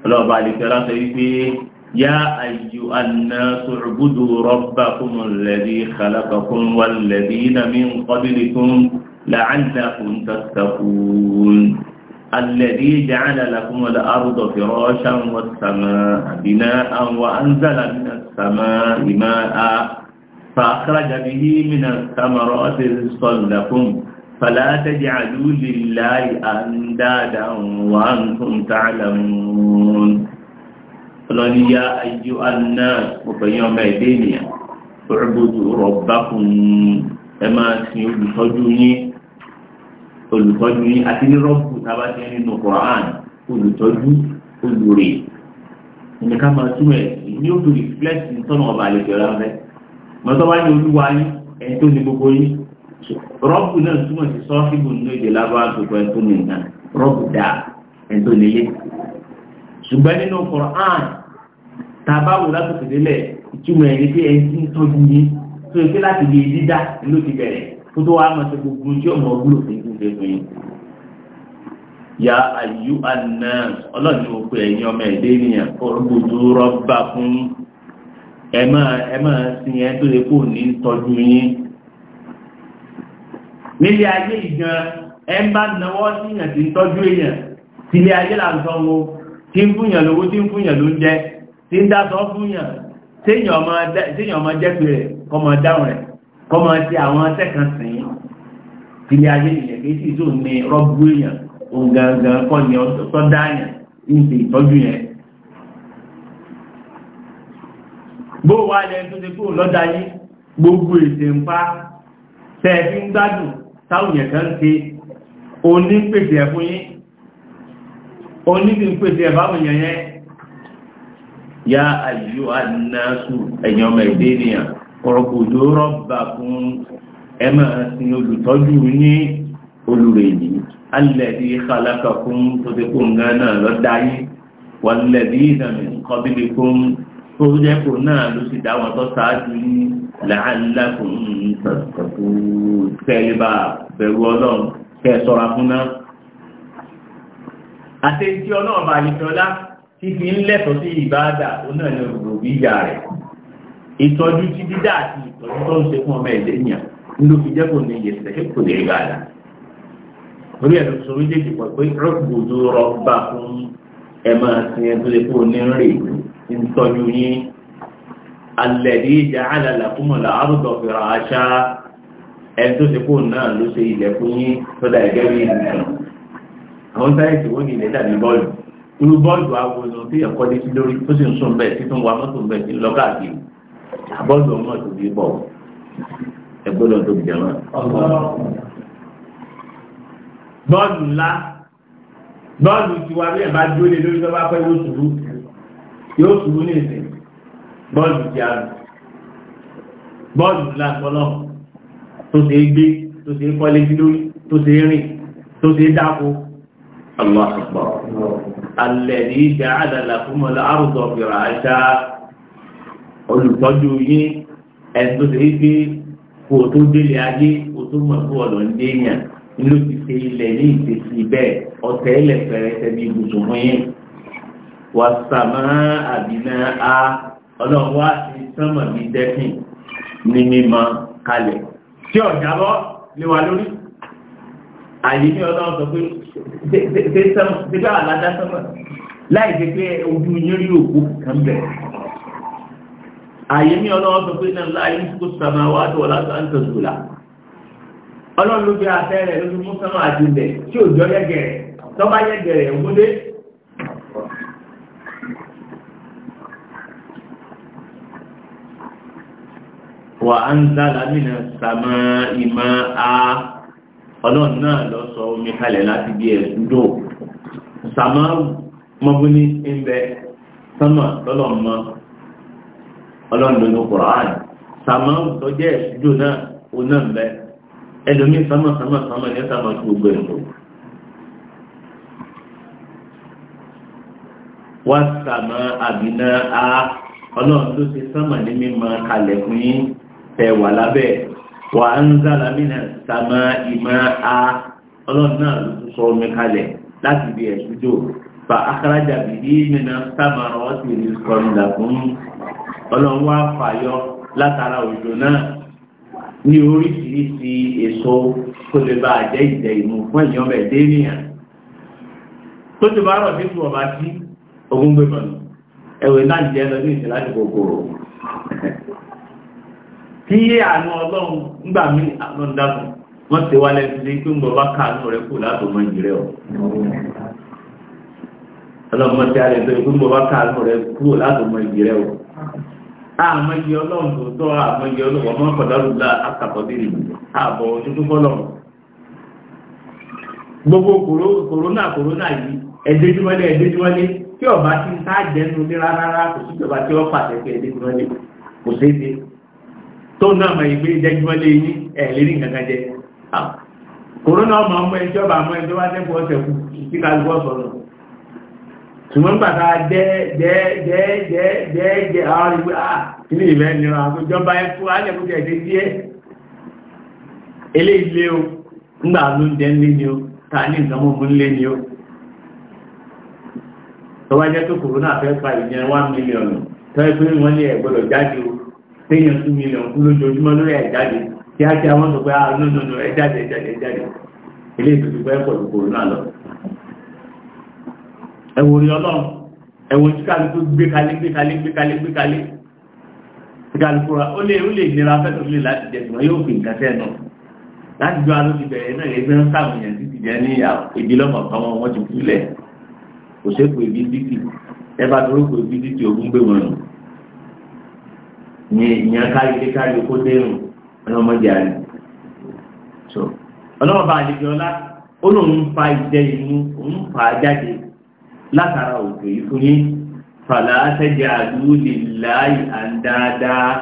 ọlọ́ọ̀bá àlìkẹ́ láti rí pé yá àyù ànàṣọ ìbúdó rọ́bà fún lẹ́bí kàlákà fún wa lẹ́bí nàmí nǹkan الذي جعل لكم الأرض فراشا والسماء بناء وأنزل من السماء ماء فأخرج به من الثمرات رزقا لكم فلا تجعلوا لله أندادا وأنتم تعلمون قل يا أيها الناس يوم الدنيا اعبدوا ربكم أما سيبصدوني olùtọ́jú yín àti ní rọ́ọ̀bù tábà jẹ́ nínú Quran olùtọ́jú olùrè ní ká máa túmọ̀ ẹ̀ ní ó reflect ní tọ́nà ọba àlejò ọ̀la rẹ̀ mọ́tọ́ wá ní olúwa yín ẹni tó ní gbogbo yín rọ́ọ̀bù náà túmọ̀ sí sọ́ọ́fíìbù nínú èdè lábáwá gbogbo ẹni tó ní nǹkan rọ́ọ̀bù dáa ẹni tó nílé ṣùgbọ́n nínú Quran tàbá wò látòkè délẹ̀ ìtumọ̀ ẹni pé ẹni tí ń tọ́jú yín tó yẹ pé láti di gbé fún yín. ya ayu anna ọlọ́run ló pe ẹ̀yin ọmọ ẹ̀dẹ́ ènìyàn fọ́rọ́gbòdú rọ́bà fún ẹ máa ẹ máa sin ẹ tó lè kó ní tọ́jú yín. nílé ayé ìgan ẹ ń bá náwó síyàn tí ń tọ́jú èèyàn sílé ayé là ń sọ wọn tí ń fúnyàn lówó tí ń fúnyàn ló ń jẹ tí ń dá sọ fúnyàn téèyàn ọmọ jẹ́ pé kọ́mọ dáhùn rẹ̀ kọ́mọ ti àwọn tẹ́kàn sìn kílé ayé ìyẹn kí sì tó ní rọ́bù èèyàn òun gangan kọ́ ni ọ̀tọ́ dáyàn ní ti ìtọ́jú yẹn. bó wà lẹ́yìn tó ti kúrò lọ́dà yín gbogbo ètè ń pa tẹ́ ẹ fi ń gbádùn táwọn yẹn kan ṣe òní pèsè ẹ̀ fún yín òní ti ń pèsè yẹn yá àyíwá náà sùn ẹ̀yàn ọmọ ìdí rọ́bà fún ẹ máa sin olùtọ́jú ní olùrè yìí alẹ́bí kálákà fún tó ti kó nǹkan náà lọ́dá yín wàlẹ́bí ìdàmì nǹkan bíbí fún tó jẹ́ kó náà ló sì dá wọn tó ṣáájú yín làálàkùn tàkàtù kẹlẹ́bà bẹ̀rù ọlọ́run kẹ́ sọ́ra fún náà. àtẹ̀jẹ́ ọlọ́run bá yìí fífi ń lẹ́tọ̀ọ́ sí ìbáàdà òun náà ní òrùbí ìyá rẹ̀ ìtọ́jú ti dídá àti ìtọ́jú tó ń ṣe fún ọmọ ẹ̀dẹ́ yàn ló fi jẹ́ kò ní yẹsẹ̀ kò ní ìbàdà orí ẹ̀rọ sọ méjèèjì pọ̀ pé rọ́gbòdò rọ́bà fún ẹ máa sin ẹ tó lè kó ní rè ń tọ́jú yín alẹ́dí ìjà àlàlà fún mọ̀lá àrùdọ̀ fìrà àṣà ẹ tó ṣe kó náà ló ṣe ilẹ̀ fún yín tó dà ẹgẹ́ bí ìdùnnú àwọn sáyẹ̀sì wọ́n ní ilẹ̀ dàbí bọ́ọ̀lù irú bọ́ọ̀lù awonù tí ẹ̀kọ́ dé sí lórí tó sì ń sùn bẹ́ẹ̀ sí ẹgbọ́dọ̀ tó bìjà náà. bọ́ọ̀lù ńlá bọ́ọ̀lù tiwa bí ẹ̀ bá dúró lé lórí lọ́wọ́ pẹ́ yóò ṣubú yóò ṣubú ní ìsìn bọ́ọ̀lù ti àrùn bọ́ọ̀lù ńlá gbọ́lọ́ tó ṣe é gbé tó ṣe é kọ́lé sí lórí tó ṣe é rìn tó ṣe é dáko. Allah akbar. Alladhi ja'ala lakumul arda firasha. Olùtọ́jú yín ẹni tó ṣe é gbé kó o tó délé ayé o tó mọ̀ fún ọ̀lọ́ ń déyàn ló ti ṣe ilẹ̀ ní ìṣesí bẹ́ẹ̀ ọ̀tẹ̀ ilẹ̀ fẹ̀rẹ̀sẹ̀ bí ibùsùn fún yín. wà sàmà àbínà a ọlọ́run wá sí sánmà bíi dẹ́sìn ní mímọ kalẹ̀ tí ọ̀já bọ́ lé wa lórí àyè ní ọlọ́run sọ pé ṣé sánmà ṣé bá àládá sánmà láì ṣe pé ojú yín rí òkú kan bẹ̀rẹ̀ ààyè ní ọlọ́wọ́ sọ pé náà láàyè ní kò sàmà wá tó wọlá tó ń tọ́ zùlà ọlọ́run ló fi àtẹ́ rẹ̀ ló fi mú sánmà àti ilẹ̀ tí ò jọ yẹ́gẹ̀rẹ̀ tó bá yẹ́gẹ̀rẹ̀ òmúdé wà á ń dára nínú sàmà ìmọ̀ a ọlọ́run náà lọ sọ omi kalẹ̀ láti bí ẹ̀dùn sàmà mọ́bùnì ń bẹ sánmà lọ́lọ́mọ́ ọlọ́run ló kùrán sàmọ́ tó jẹ́ ìṣújò náà ó náà ń bẹ ẹlòmí sàmọ́ sàmọ́ sàmọ́ ní sàmọ́ tó gbé ẹ̀kọ́ wá sàmọ́ àbínà á ọlọ́run ló ti sàmọ́ ní mímọ́ kalẹ̀ fún yín tẹ wà lábẹ́ wà á ń zàlá mínà sàmọ́ ìmọ̀ á ọlọ́run náà ló tún sọ omi kalẹ̀ láti bí ẹ̀ṣújò fa akarajà bìbí mìíràn sàmọ́ ọ̀sìn ìrìsọ̀rọ̀ ọlọ́run wá fàyọ látara òjò náà ní oríṣiríṣi èso tó lè bá jẹ́ ìjẹ ìmú fún èèyàn bẹ̀ dé nìyàn tó ti bá rọ̀ títù ọba sí ogun gbé bọ̀nù ẹ̀wẹ̀ náà jẹ́ lọ ní ìsìn láti kòkòrò kí yé àánú ọlọ́run nígbà mí àlọ́run dákun wọ́n ti wá lẹ́nu sí pé ń bọ̀ bá káàánú rẹ̀ kù látò mọ́ ìjìrẹ́ ọ̀ ọlọ́run mọ́ ti á tó ń bọ̀ bá káàánú rẹ̀ kù látò mọ́ ìjìrẹ́ ọ̀ àmọ́yẹ ọlọ́run tó tọ́ àmọ́yẹ ọlọ́run ọmọ kọ̀dárùlá àtàkọ̀dìrì àbọ̀ ojútú fọ́lọ́run gbogbo kòrónà kòrónà yìí ẹ̀dẹ́júmọ́lé ẹ̀dẹ́júmọ́lé tí ọba tí ń tá ní rárá kò sí ìjọba tí ó pàṣẹ pé ẹ̀dẹ́júmọ́lé kò séde tó náà mọ̀ ìgbé ẹ̀dẹ́júmọ́lé yín ẹ̀lérí nǹkan kòrónà ọmọ ọmọ tẹ́kọ̀ọ́ sọ̀rọ̀ ṣùgbọ́n gbàtà jẹ́ẹ̀jẹ́ẹ̀jẹ́ẹ̀jẹ́ àwọn ìgbé à ilé ìfẹ́ nira àkójọba ẹkú alẹ́kùnjẹ́ ìdí díẹ̀ ilé ilé o ńgbà ló ń jẹ́ ńlé ni o ta ní ìdánwò mú ni o tọ́wọ́ jẹ́ tó kòrónà fẹ́ pa ìyẹn wá mílíọ̀nù tọ́wọ́ pé wọ́n jáde o téèyàn tún mílíọ̀nù kú lójoojúmọ́ lórí ẹ̀jáde kí á jẹ́ àwọn pé ah ẹwò rí ọlọ́run ẹwò tí kálukú gbé kalé gbé kalé gbé kalé gbé kalé tí kálukú ra ó lè ó lè nira fẹ́tọ̀ sílẹ̀ láti jẹ ṣùgbọ́n yóò fi nǹkan sẹ́ẹ̀ náà láti jọ aró ti bẹ̀rẹ̀ náà ẹgbẹ́ ń sáwọn èèyàn títí jẹ́ ní ìbí lọ́mọ̀ kan wọn wọ́n ti kúlẹ̀ kò sépò ìbí títì ẹ bá dúró pé ìbí títì ogun gbé wọn nù ìyẹn kárí ilé kárí okó dérùn ọlọ́mọdé àrí ọlọ́mọba àlejò ọlá ó lóun fa ìjẹ ìmú òun fà á jáde látara òkè ìfún yí fàlà láì àndáadáa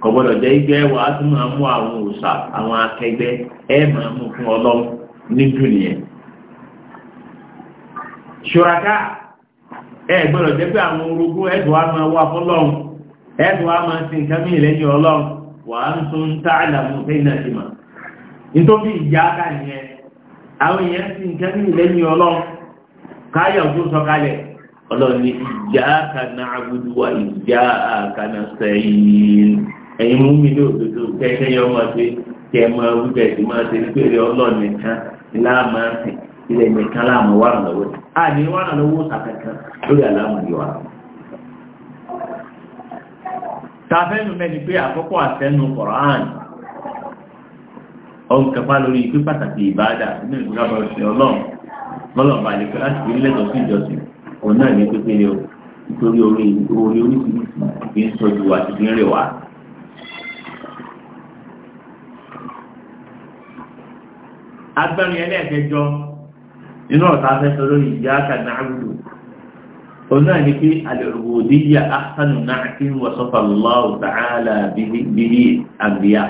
kọ̀gbọ́dọ̀ ìgbẹ́ wà á tún ma mú àwọn àwọn akẹgbẹ́ ẹ mú fún ọlọ́run ní nìyẹn ṣùràká ẹ gbọ́dọ̀ jẹ́ pé àwọn orogún ẹ̀dùn á máa ẹ̀dùn á máa sin wà á tún tá àdàmú fẹ́yìn náà ti nítorí ká nìyẹn àwọn èèyàn sin káyọ̀ ọdún sọ̀kalẹ̀ ọlọ́ni ìjà kana abudu wa kana sẹ́yìn ẹ̀yin mú mi ní òdodo kẹ́kẹ́ yọ ọmọ pé kẹ́ ẹ máa wí máa ṣe nípèrè ọlọ́ọ̀nì kan láàmú àti ilẹ̀ nìkan láàmú wà lọ́wọ́ a ní wà lọ́wọ́ sàkẹ́kẹ́ lórí àlámù yìí wà. tàfẹ́nu mẹ́ni pé àkọ́kọ́ àtẹnu lọ́lọ́ọ̀bá lè fẹ́ láti fi lẹ́tọ̀ọ́ sí ìjọsìn òun náà ní pépé ni o nítorí orí orí oríṣiríṣi kì í sọ ju wa ti fi ń rè wá. agbẹ́rin ẹlẹ́ẹ̀kẹjọ nínú ọ̀tá afẹ́fẹ́ lórí ìyá kàdá àgùdù òun náà ní pé al-ubudiyya ahsanu na'tin wasafa Allahu ta'ala bihi bihi al-anbiya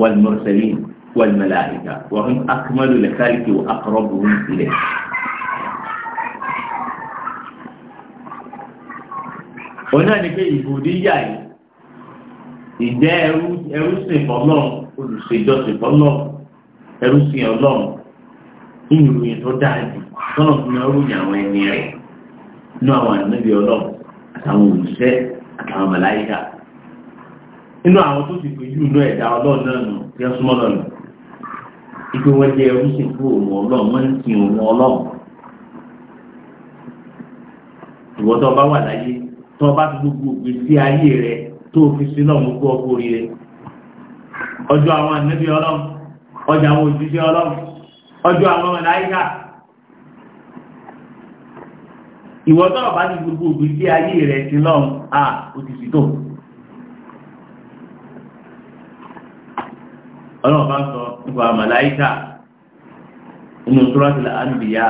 wal-mursalin. والملائكة وهم أكمل الخالق وأقربهم إليه ọ̀nà ni pé ìbòdíyà yìí ìjẹ́ ẹrúsìn fọlọ́n olùṣèjọsìn fọlọ́n ẹrúsìn ọlọ́run ìròyìn tó dáa jù tọ́nà fún ẹrúyìn àwọn ẹni rẹ̀ inú àwọn ànábì ọlọ́run àtàwọn òṣìṣẹ́ àtàwọn màláíkà inú àwọn tó sì pé jù inú ẹ̀dá ọlọ́run náà nù tí wọ́n súnmọ́ lọ́nà ibi wọn jẹ oríṣiríṣi òun ọlọ́run wọn ń ti òun ọlọ́run ìwọ tó bá wà láyé tó bá fi gbogbo ìgbésí ayé rẹ tó fi sí lọ́mú kó ọkọ rí rẹ ọjọ́ àwọn ànábì ọlọ́run ọjọ́ àwọn òjíṣẹ́ ọlọ́run ọjọ́ àwọn màláíkà ìwọ tó bá fi gbogbo ìgbésí ayé rẹ sí lọ́run à ó ti fi tó. ọlọ́run bá ń sọ nípa màláìkà nínú suratul anbiya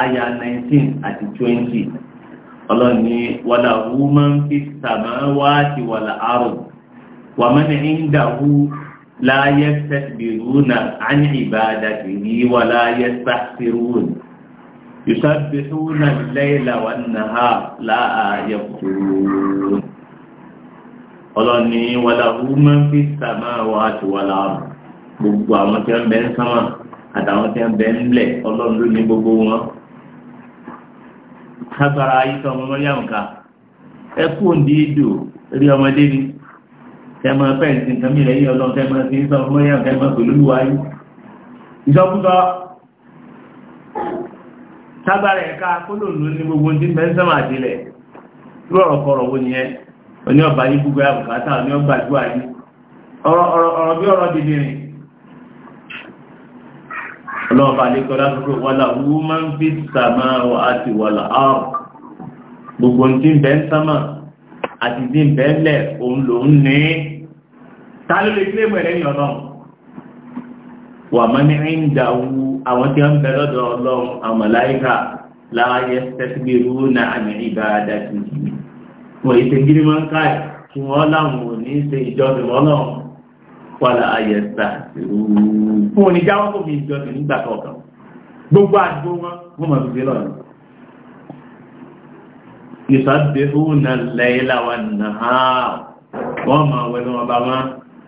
àyà 19 àti 20 ọlọ́ni wàlà wúmọ́n fi samawati wàlà àrùn wà mọ́ni ìdáhù láyé tẹ̀sìbìrúnà àní ìbádàtìrí wà láyé tàṣírún yusabbihuna al-layla wan-nahara la yaqturun ọlọ́ni wàlá húmọ́ fi sàmà wà àti wàlá àrùn gbogbo àwọn tí wọ́n bẹ ń sánmà àtàwọn tí wọ́n bẹ ń lẹ̀ ọlọ́run ló ní gbogbo wọn. agbára ayíṣẹ́ ọmọ mọ́ríàmù ká ẹ kú òǹdí ìdò rí ọmọdé ni tẹmọ fẹ́ǹsì nǹkan mi lẹ́yìn ọlọ́run tẹmọ sí ń sọ mọ́ríàmù tẹmọ pẹ̀lú wáyé. ìsọkúsọ sábàrẹ̀ ẹ̀ka kólóòlù ní gbogbo ti bẹ ń sánmà àtìlẹ̀ lọ́rọ̀ kọ̀rọ̀ wo nìyẹn oní ọba yìí gbogbo àbùkátà oní ọgbà ìgbò ayé ọ̀rọ̀ bí ọ̀rọ̀ dìde rìn ọlọ́ọ̀bà àlékọ́ lásìkò wàlà wú máa ń fi sàmà àti wàlà áàrùn gbogbo tí ń bẹ ń sámà àti tí ń bẹ ń lẹ̀ òun lòun ní ta ló lè sílé mẹ́rẹ̀ yàn náà wà má ní ìjà wu àwọn tí wọ́n ń bẹ lọ́dọ̀ ọlọ́run àmàláyíkà láàyè tẹ́sígbèrú náà àmì ìbáradà tuntun wọ́n yìí ti gírí máa ń káyà kí wọ́n láwọn ò ní ṣe ìjọsìn lọ́nà wàlà ayẹ̀sà fún òní jáwọ́ kò fi ìjọsìn nígbà kọ̀ọ̀kan gbogbo àdó wọn wọ́n mọ̀ fífi lọ́nà ìsàbẹ̀húnà lẹ́yìnlá wa nàá wọ́n mọ̀ wẹ́nu ọba wọn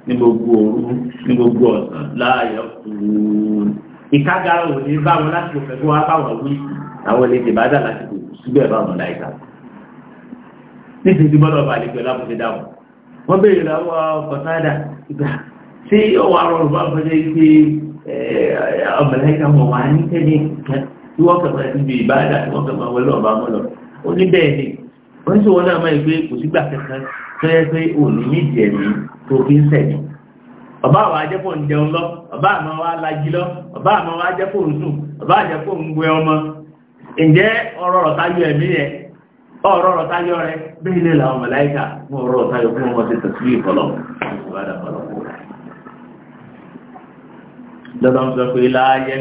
ní gbogbo òru ní gbogbo ọ̀sán láàyè òun ìkágara òní báwọn láti òfẹ́ tó wá báwọn wí àwọn olè dìbàdà láti kò síbẹ̀ báwọn láìka níbi tí bọ́lọ̀ bá lè pẹ̀lú àbúté dáhùn wọ́n bèèrè lọ́wọ́ kọ̀tádà ìgbà tí ọwọ́ arọrùn bá fọ́jẹ́ pé ọmọlẹ́ka wọn wà ní tẹ́lẹ̀ tí wọ́n kẹ̀mọ́ níbi ìbáàdà tí wọ́n kẹ̀mọ́ wọlé ọba mọ́lọ̀ ó ní bẹ́ẹ̀ ni wọ́n sì wọ́n náà máa pé kò sígbà kankan tó yẹ pé òní wa lají lọ ọba àmọ́ wa ajẹ́pọ̀ ń sùn ọba àjẹ́pọ̀ ń gbé ọmọ ǹjẹ́ ọ̀rọ̀ ọ̀tá ọ̀rọ̀ ọ̀rọ̀ táyọ̀ rẹ bẹ́ẹ̀ lè làwọn mọ̀láìkà mú ọ̀rọ̀ táyọ̀ fún ọmọ ti tẹ̀sí ìfọ̀lọ́ lọ́dọ̀ sọ pé láàyè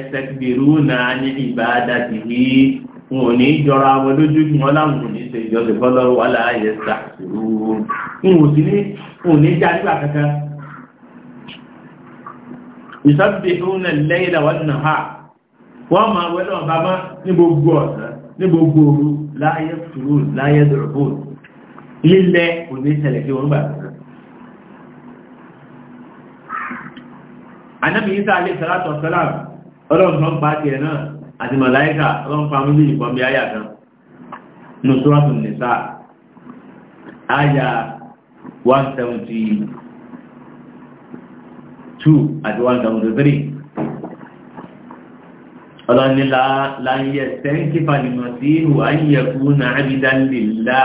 náà ní ìbáadá ti rí wọn ò ní jọra wọn lójú kí wọn ní ṣe wà láàyè wọn ò sí ní wọn ò ní já nígbà kankan. ìsọ́bìrú náà lẹ́yìn làwọn nà ha wọ́n láyé tùrù láyé dùrùbù lílẹ̀ kò ní ṣẹlẹ̀ kí wọ́n gbà anábì isa alẹ́ sàlátọ̀ sọ́lá ọlọ́run tó ń pa tiẹ̀ náà àti màláìkà ọlọ́run pa mílíọ̀nù ìbọn bí ayà kan 172 àti 173 ọlọ́nilá láyé tẹ́ńkífà nìmọ̀ sí ihò ayẹ̀kú na àbídánilélá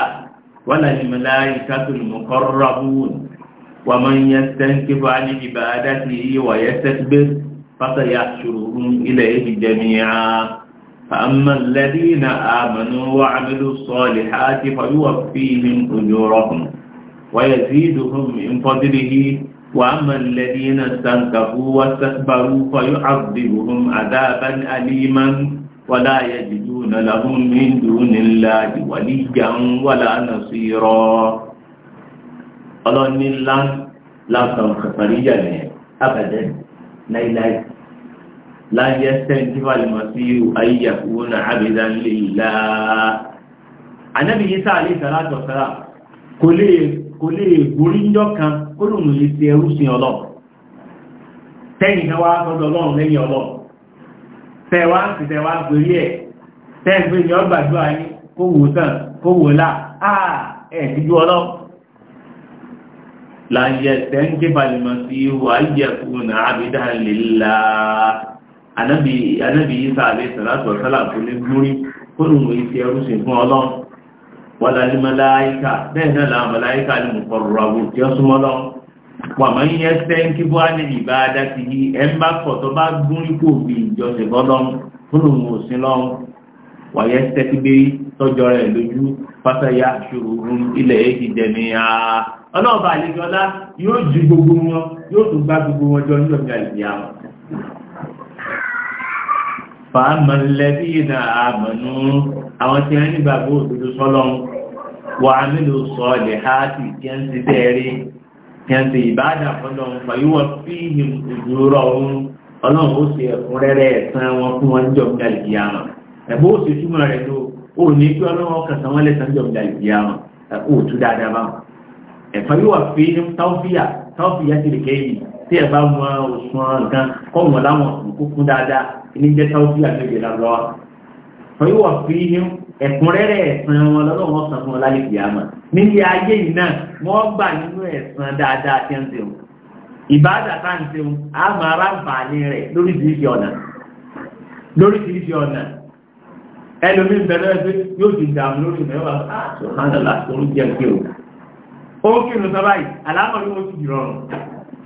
wọ́n lànìmọ̀lá ìkátùlùmọ̀kọ́rọ̀bùn wà mọ́ yẹ tẹ́ńkífà ní ìbáadá sí ìwà yẹ فأما الذين آمنوا وعملوا الصالحات فيوفيهم أجورهم ويزيدهم من فضله وأما الذين استنكفوا واستكبروا فيعذبهم عذابا أليما ولا يجدون لهم من دون الله وليا ولا نصيرا ọlọ́run ní ńlá lásán kàtàríyà ní abẹ́dẹ́ láíláí láyé sẹ́ńtì fàlìmọ̀sí ayíyàkú na àbìdá nílé ìlà anábìyí sáà ní sàlátọ̀ sára kò lè gúrí ńjọ́ kan gbólóhùn lè ti ẹrú sí ọlọ́ tẹ́yìn náà wá sọ́dọ̀ ọlọ́run lẹ́yìn ọlọ́ tẹ́ wá ń sì tẹ́ wá gbérí ẹ̀ tẹ́ ń gbé ní ọgbàdúrà yín kó wò tán kó wò là á ẹ̀ dídú ọlọ́ láyé tẹ́ńké balùmọ̀ sí wàlá ní màláíkà bẹ́ẹ̀ náà làwọn màláíkà ní mùkọ̀rọ̀rọ̀ tí ó súnmọ́ lọ pàmò ń yẹ sẹ́ńkì bó ní ìbá adá ti yí ẹ̀ ń bá pọ̀ tó bá gún ipò bí ìjọsìn lọ́dọ́n fún òun òsín lọ́n wàyẹ sẹ́kí bí tọ́jọ́ rẹ̀ lójú pátáyà ṣòro ilẹ̀ èkì jẹ̀mí a ọlọ́ọ̀bà àlejò ọlá yóò ju gbogbo wọn yóò tún gbá gbogbo wọn jọ nílò fàámà lẹ́bí ìdá àmànú àwọn tí wọ́n ní gbàgbọ́ òdodo sọ́lọ́run wà nílò sọ lè ha ti kí ń ti tẹ́rí kí ń ti ìbáàdà fọ́lọ́run fàyíwọ̀ fi ìhìn òjòrò ọ̀hún ọlọ́run ó ṣe ẹ̀kúnrẹ́rẹ́ ẹ̀sán wọn fún wọn jọ gbà lè yàmà ẹ̀bọ́ ó ṣe túmọ̀ rẹ̀ tó ó tí ẹ bá mọ òṣùwọ̀n gan kọ́ wọn láwọn òkúkú dáadáa ní jẹ́ sáwọ́sí àgbègbè lọ́wọ́ wọn yóò wọ̀ fi ní ẹ̀kúnrẹ́rẹ́ ẹ̀sán wọn lọ́dọ̀ wọn sàn fún wọn láyé kìyàmọ̀ níbi ayé yìí náà wọ́n gbà nínú ẹ̀sán dáadáa tí ń ṣeun ìbáàdà tá ń ṣeun á máa ráǹfààní rẹ̀ lóríṣiríṣi ọ̀nà lóríṣiríṣi ọ̀nà ẹlòmí bẹ̀rẹ̀ pé yóò ti dààmú lórí mẹ́wàá ah, àti o ó kí n sọ báyìí àlámọ̀ ti rọrùn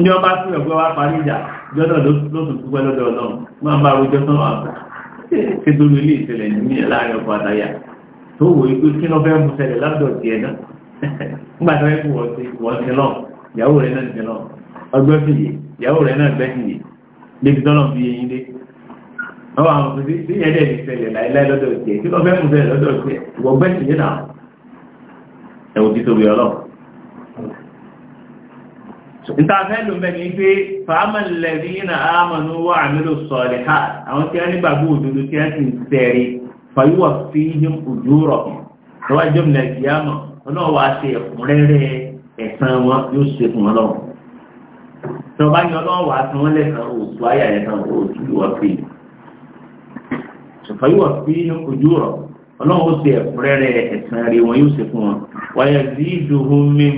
ní ọba tí ọgbẹ́ wá parí ìjà jọ́dọ̀ lóṣù púpẹ́ lọ́dọ̀ ọlọ́run máa bá rojọ́ tán wà fún ṣe tó lulẹ̀ ìṣẹ̀lẹ̀ ní láàrin ọkọ̀ àtàyà tó wò ó pé kí lọ́ fẹ́ mú ṣẹlẹ̀ lọ́dọ̀ tiẹ̀ náà nígbà tó ẹkù wọ́n ti lọ ìyàwó rẹ̀ náà ti lọ ọgbẹ́ fi yè ìyàwó rẹ̀ náà gbẹ́ fi yè débi tọ́lọ̀ fi yẹyin dé ọwọ́ àwọn òṣèlú tí yẹn dẹ̀ ìṣẹ̀lẹ̀ láìláì lọ́dọ̀ tiẹ̀ kí lọ́ fẹ́ mú ṣẹlẹ̀ lọ́dọ̀ tiẹ̀ ìwọ̀gbẹ́ ìtafẹ́ ló mẹ́ ní pé fàámàlẹ̀rí na àmànú wà àmìlò sọ̀rẹ̀ ha àwọn tí a ní gbàgbọ́ òdodo tí a ti tẹ̀rí fàyíwà fi yín ojú rọ̀ lọ́wọ́ jẹ́ òmìnira ìyáàmà ọlọ́wọ́ wa ṣe ẹ̀kúnrẹ́rẹ́ ẹ̀sán wọn yóò ṣe fún wọn lọ́wọ́ tó bá ní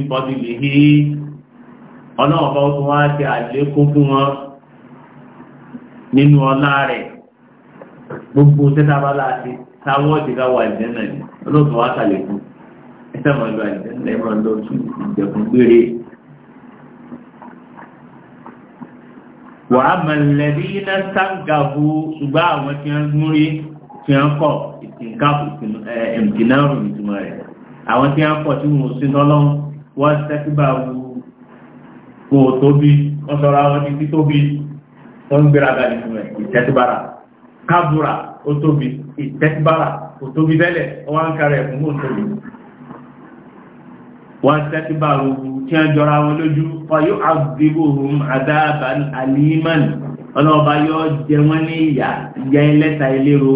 ọlọ́wọ́ wa tí wọ́n ọlọ́run bá tún wá ṣe àlékún fún wọn nínú ọlá rẹ̀ gbogbo tẹ́tàbálà àti táwọn ìdíkà wà ìdẹ́nà ni olóòtú wá ṣàlékún ẹsẹ̀ mọ̀ lọ ìdẹ́nà ẹ̀mọ́ lọ sí ìjẹ̀kùn gbére. wàá mọ̀lẹ́bí iná sáǹgàbù ṣùgbọ́n àwọn tí wọ́n mú rí tí wọ́n kọ̀ ìtìǹkàbù ẹ̀mtìnárù ìtumọ̀ rẹ̀ àwọn tí wọ́n kọ̀ tí wọ́n sí lọ́lọ́run kó o tóbi wọ́n sọ́ra wọn ti fi tóbi wọ́n ń gbéra gàdì fún ẹ̀ ìtẹ́tíbára kábùrà ó tóbi ìtẹ́tíbára ó tóbi bẹ́lẹ̀ wọ́n ń kárẹ̀ fún ó tóbi wọ́n tẹ́tíbára ogun tí wọ́n jọra wọn lójú wọ́n yóò àgbébò ohun àdáàbà alímánì ọlọ́ọ̀bá yóò jẹ wọ́n ní ìyà ìyá ẹlẹ́ta ìlérò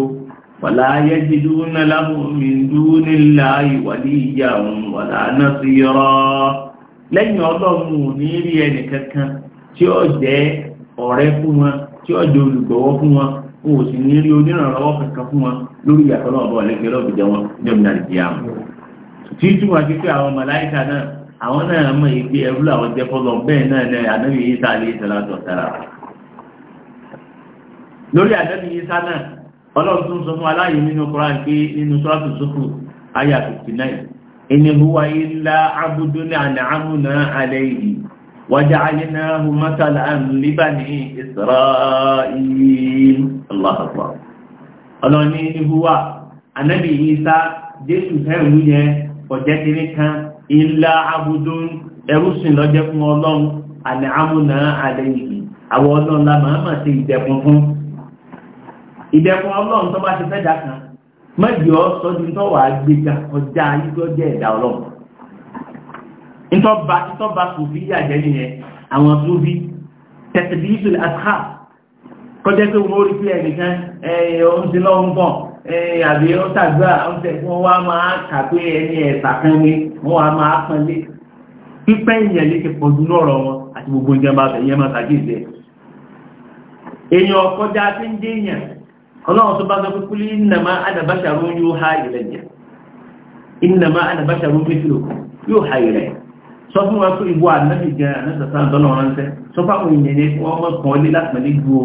wàlá yẹ́jìdú náà lábùmí dúró nílá ìwàlí ìyá òun wàlá náà sí yọrọ́ lẹ́yìn ọlọ́run ò ní rí kankan tí ó jẹ́ ọ̀rẹ́ fún wọn tí ó jẹ́ olùgbọ̀wọ́ fún wọn wọn sì ní rí onírànlọ́wọ́ kankan fún wọn lórí ìyàtọ̀ náà bọ̀ lẹ́gbẹ̀ẹ́ lọ́gbẹ̀dẹ̀ wọn ní ọ̀nà ìdíyàmù tí túmọ̀ sí pé àwọn màláìkà náà àwọn náà mọ̀ èyí ẹrú làwọn jẹ́ fọlọ́ bẹ́ẹ̀ náà ní ànábì yìí sáà lè lórí ànábì yìí náà ọlọ́run sọ fún إن هو إلا عبد أنعمنا عليه وجعلناه مثلا لبني إسرائيل الله أكبر ọlọ́ni ìhúwà anábì Ìsá jésù fẹ́rù yẹn ọ̀jẹ́ kiri kan ilá abúdó ẹrúsìn lọ́jẹ́ fún ọlọ́run àni àmúnà àdẹ́yìí àwọn ọlọ́run la máa máa ìdẹ̀kùn fún ìdẹ̀kùn ọlọ́run tó bá ti fẹ́ dà mẹ́jọ sọ́dí ń tọ́wà gbéga ọjà ayíkọ́ jẹ́ ẹ̀dá ọlọ́run ìtọ́ba sùfí yàjẹ́ nìyẹn àwọn sùfí tẹ̀sìdìsù àṣà kọjẹ́ pé wọ́n rí pé ẹnìkan ọ̀hún lọ́wọ́n bọ̀ àbí ọ̀tàgbà wọ́n wá máa kàpé ẹni ẹ̀sà kan ní wọ́n wá máa pọ́nlé pípẹ́ ìyẹn lè ti pọ̀jù lọ́rọ̀ wọn àti gbogbo ìjọba ẹ̀yẹn ọlọ́run tó bá sọ pé kúlí innama ana basharun yuha ilayya innama ana basharun mithlukum yuha ilayya sọ fún wọn pé ìwọ ànábì gan anásàtà ìdọ́nà ránṣẹ́ sọ fáwọn èèyàn ní wọ́n mọ̀ kàn lé láti mẹ́lẹ́ gbó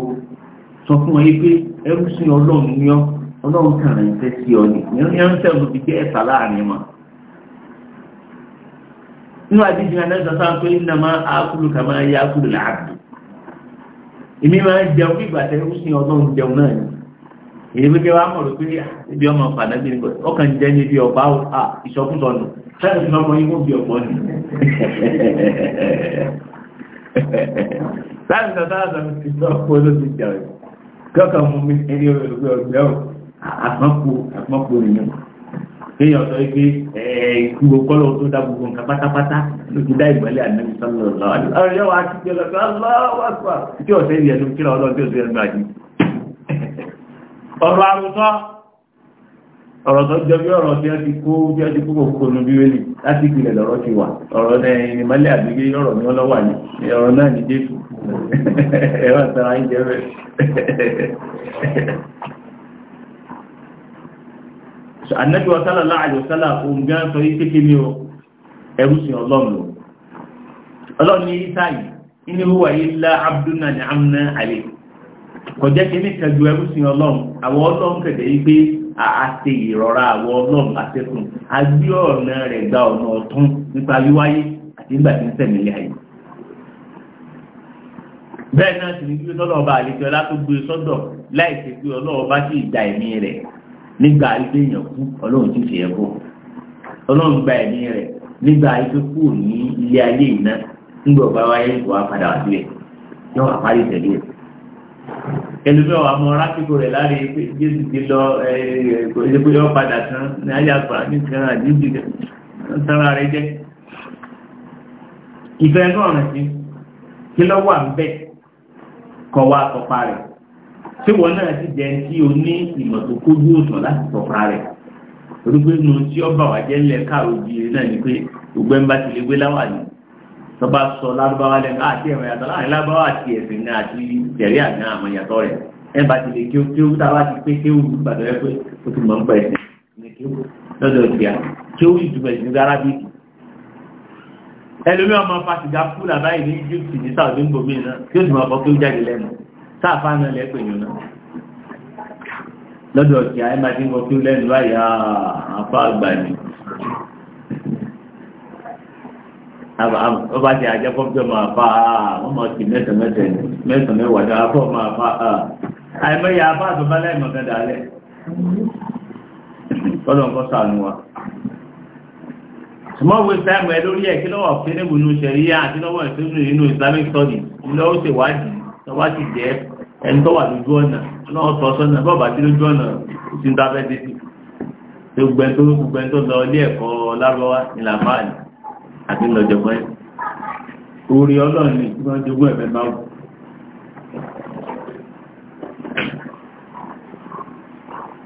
sọ fún wọn yìí pé ẹrú sí ọlọ́run ní ọ ọlọ́run kàn ránṣẹ́ sí ọ ní ìránṣẹ́ ọ̀run ti gbé ẹ̀sà láàrin wọn inú àdíjì náà lẹ́sọ̀ sáà pé iná máa ákùlù kà máa yá ákùlù jẹun bí ìgbàtẹ̀ ó sì ọdún jẹun náà ni èyí pé wàá mọ̀rọ̀ pé ibi ọmọ padà bí nìkan ọkàn jẹ́ ní ibi ọ̀pá ìṣọkúsọ nù sẹ́yìn tí wọ́n mọ ikú bí ọ̀pọ̀ nù. sáyẹn tata àtàwọn ti sọ pé olóòtú ìjà rẹ̀ kọ́kọ́ mú mi ní olùgbé ọ̀gbẹ́ ọ̀ àpọ́npọ̀ àpọ́npọ̀ nìyẹn. kéèyàn sọ pé ikú kọ́lọ̀ tó dá gbogbo nǹkan pátápátá ló ti dá ìgbàlẹ̀ ànábi sọ́lọ́ọ̀lọ́ ọ̀rọ̀ àrùtọ́ ọ̀rọ̀ tó jọ bí ọ̀rọ̀ tí a ti kó bí a ti kó kò nù bí wẹ́lì láti ìpìlẹ̀ lọ́rọ̀ ti wà ọ̀rọ̀ ẹni mọ́lẹ̀ àgbégé ọ̀rọ̀ ni wọ́n lọ́wà ní ọ̀rọ̀ náà ní jésù ẹ̀rọ àtàrà ń jẹ́ rẹ̀ o n gan o ẹrú sí ọlọ́run lọ ọlọ́run ní isa yìí inú kọjá kí ní kẹjú ẹrú sí ọlọ́run àwọn ọlọ́run kẹ̀dẹ̀ yí pé àṣe ìrọ̀rá àwọn ọlọ́run ọ̀nà rẹ̀ gba ọ̀nà ọ̀tún nípa wíwáyé àti bẹ́ẹ̀ náà sì ní gbé àlejò tó gbé sọ́dọ̀ láì ṣe pé sì gba ẹ̀mí rẹ̀ nígbà ọlọ́run ẹ̀kọ́ ayé ẹlùmí ọ̀wà mọ́ rákìkò rẹ̀ láre jésù ti lọ ẹ̀ẹ́dẹ́gbẹ́yọ́ padà tán ní ayàgbà nìkan àjíjì tánra rẹ̀ jẹ́ ìfẹ́ náà rẹ̀ sí kí lọ wà ń bẹ̀ kọ́ wá tọpa rẹ̀ tí wọ́n náà ti jẹ́ tí o ní ìmọ̀ tó kójú òsàn láti tọpa rẹ̀ orúkọ inú tí ọba wà jẹ́ lẹ́ka òbí náà ni pé ògbẹ́ńbá ti lè gbé láwà ní tó bá sọ lárúbáwá lẹ́nu àti ah, ẹ̀rọ yàtọ̀ láàrin lárúbáwá àti ẹ̀sìn náà àti ìtẹ̀rí àná àmọ́ yàtọ̀ rẹ̀ ẹ̀ bá ti lè kí ó kí ó tá a bá ti pé kí ó wù gbàdọ̀ ẹ pé ó ti mọ̀ ń pẹ̀ ẹ̀sìn ní kí ó lọ́dọ̀ ìgbà kí ó ìtumọ̀ ìsìn ní arábíkì ẹlòmí ọmọ fàtìgá fún làbáyé ó lẹ́nu sáàfà ah, náà àgbà ni ọba ti àjẹ́ fọ́jọ́ máa bá a wọ́n máa ti mẹ́sàn-mẹ́sàn mẹ́sàn mẹ́wàá dára fọ́ máa bá a àìmọye àbá àtọ́bá láìmọ̀ kan dálẹ̀ tọ́lọ̀ nǹkan sànù wa small waste time ẹ lórí ẹ̀ kí lọ́wọ́ ọ̀fẹ́nẹ́bù nínú ṣẹ̀ríyà àti lọ́wọ́ ìṣẹ́sùn nínú Islamic study lọ́wọ́ ṣèwádìí lọ́wọ́ ti jẹ́ ẹni tó wà lójú ọ̀nà lọ́wọ́ tọ́ sọ́nà bọ́ọ̀bà tí lójú ọ̀nà ti ń dábẹ́ dé sí gbogbo ẹni tó lọ ilé ẹ̀kọ́ lárọ́wá ìlànà àti lọ́jọ́gbọ́n ẹ̀ orí ọlọ́run ní wọ́n jogún ẹ̀fẹ́ bá wù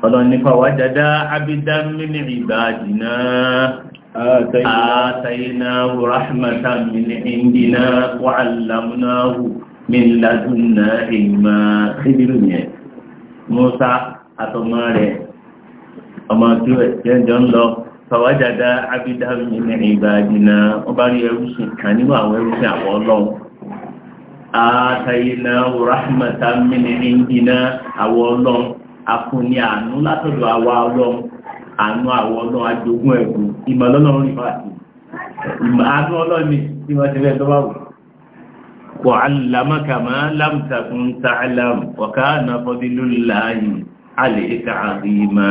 ọlọ́run nípa wà jádá abidan min ibadina آتيناه رحمة من عندنا وعلمناه من لدنا علما خبر موسى àtọmọ rẹ̀ ọmọ tí ó ẹ̀jẹ́ fàwájàdá abidáhùn nínú ìbàdínà ọba rí ẹrúsìn kan nínú àwọn ẹrúsìn àwọn ọlọ́run àtàyìnà rahmatan min indina àwọn ọlọ́run akúni àánú látọ̀dọ̀ àwa ọlọ́run àánú àwọn ọlọ́run ajogún ẹ̀bùn ìmọ̀ lọ́lọ́run rí fàtí àánú ọlọ́run ni tí wọ́n ti rẹ̀ tọ́wọ́ وعلمك ما لم تكن تعلم وكان فضل الله عليك عظيما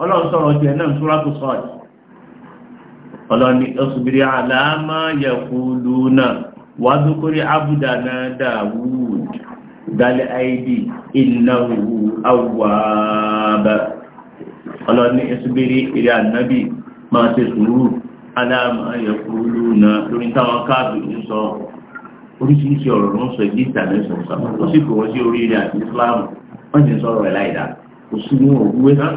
ọlọ́run sọ̀rọ̀ tiẹ̀ náà Suratu Sad ọlọ́ni ọ̀sùnbìrì àlàámá yaquluna wàdúkúrí na Dawud dalẹ̀ àìdí innahu awwab ọlọ́ni ọ̀sùnbìrì ìrẹ́ ànábì máa ṣe sùúrù àlàámá yaquluna lórí táwọn káàbì ń sọ Islam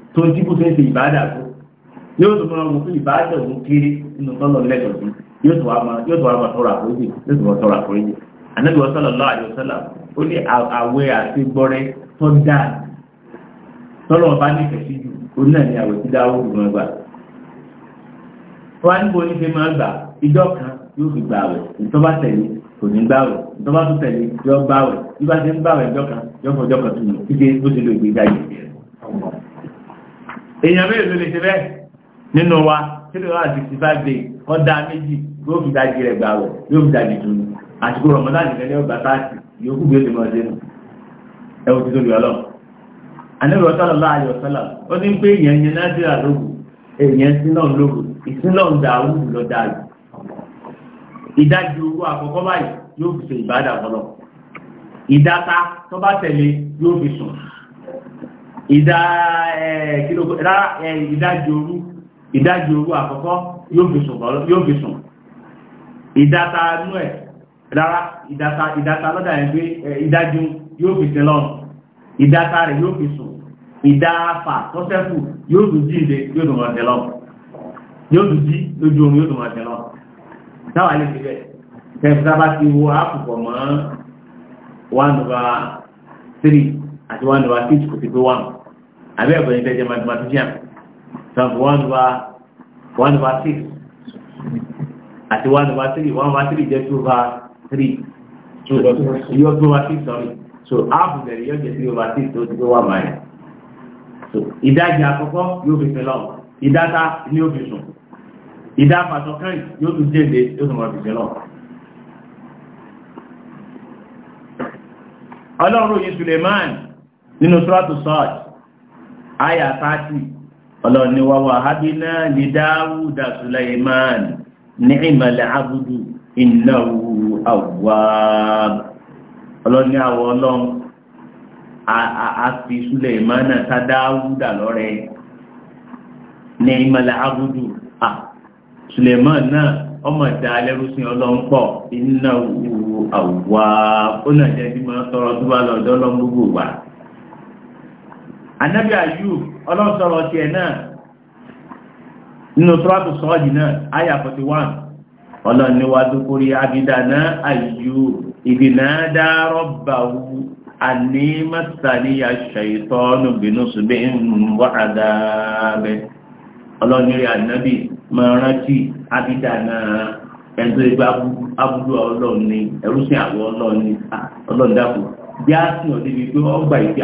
tó jí kó fẹ́ ṣe ìbádà tó yóò tó máa wù fún ìbádà òun kéré nínú tọ́lọ̀ lẹ́tọ̀ọ́ sí yóò tó wá máa tọrọ àforíjì yóò tó máa tọrọ àforíjì ànábì sallallahu alaihi wasallam ó ní àwẹ̀ àti gbọ́rẹ́ tó dáa tọ́lọ̀ ọba nífẹ̀ẹ́ sí jù ó náà ní àwẹ̀ tí dáwọ́ gbùgbọ́n gbà wọ́n á níbo ní máa gbà ìjọ kan yóò fi gbà àwẹ̀ ìtọ́ba tẹ̀lé kò ní gbàwẹ̀ ìtọ́ba tó tẹ̀lé yọ gbàwẹ̀ bí bá ṣe ń gbàwẹ̀ ìjọ kan yọ fọjọ́ kan tù mí kíkẹ́ bó ṣe lè gbé jáde. èèyàn mẹ́rin lè ṣe bẹ́ẹ̀ nínú wa three hundred sixty five days ọ̀dà méjì yóò fi dájú rẹ̀ gbà wẹ̀ yóò fi àsìkò ọgbà táàtì yòókù bí ó ti mọ̀ ṣe nù ẹ ti tóbi ó ní pé èèyàn yẹn nàìjíríà èèyàn ń da awúrú lọ owó báyìí yóò fi ìdájì eh, eh, òru àkọ́kọ́ yóò fi sùn ìdáta inú ẹ̀ rárá ìdáta lọ́dà ẹ̀ pé eh, ìdájú yóò fi sin lọ́nà ìdáta rẹ̀ yóò fi sùn ìdáfà tọ́sẹ́kù yóò dùn jí ìdè yóò dùn ọ̀dẹ̀ lọ yóò dùn jí lójú omi yóò dùn ọ̀dẹ̀ lọ táwà lè fi bẹ̀ tẹ̀síta bá ti wo àpùpọ̀ mọ́ one over three àti one over six kò ti pé one àbẹ́ ẹ̀kọ́ yẹn tẹ́jẹ́ mathematician sub one over one over six àti one over three one over three jẹ́ two over three two over six sorry so half the yóò jẹ́ three over six tó ti tó wà báyìí so ìdajì àkọ́kọ́ yóò fi fẹ́ lọ́wọ́ ìdáta ni yóò fi sùn ìdá àpàtọ̀kán yóò tún jẹ́ ìdè yóò tún wọ́n fi fẹ́ lọ́wọ́. ọlọ́run yìí Suleiman nínú sọ́ọ̀tù sọ́ọ̀tù àyà tààtì ọlọ́ni wa wahabina li Dawuda Sulaiman ni'mal abdu innahu awwab ọlọ́ni àwọ̀ ọlọ́run a fi na ta Dawuda lọ́rẹ́ ni'mal abdu Sulaiman náà ọmọ ìdá alẹ́rúsìn ọlọ́run pọ̀ innahu awwab ó jẹ́ bí mo sọ̀rọ̀ tó bá lọ́dọ́ ọlọ́run gbogbo wa. anabi ayub ọlọ́sọ̀rọ̀ tiẹ̀ náà nínú tọ́lọ́tù sọ́ọ̀dì náà àyà forty ọlọ́niwájú kórí abidana ayub ìdìnnàdá rọ́bàwù àní mẹ́sàníyà ṣàìtọ́nù bínú ṣùgbẹ́ ìmúwà àdáàbẹ̀ anabi máa abidana ẹ̀ńtọ́ ìgbà abúlé ọlọ́ọ̀ni ẹ̀rúsìn àwọn bí a sì ọ̀dẹ́bi pé ọgbà ìgbà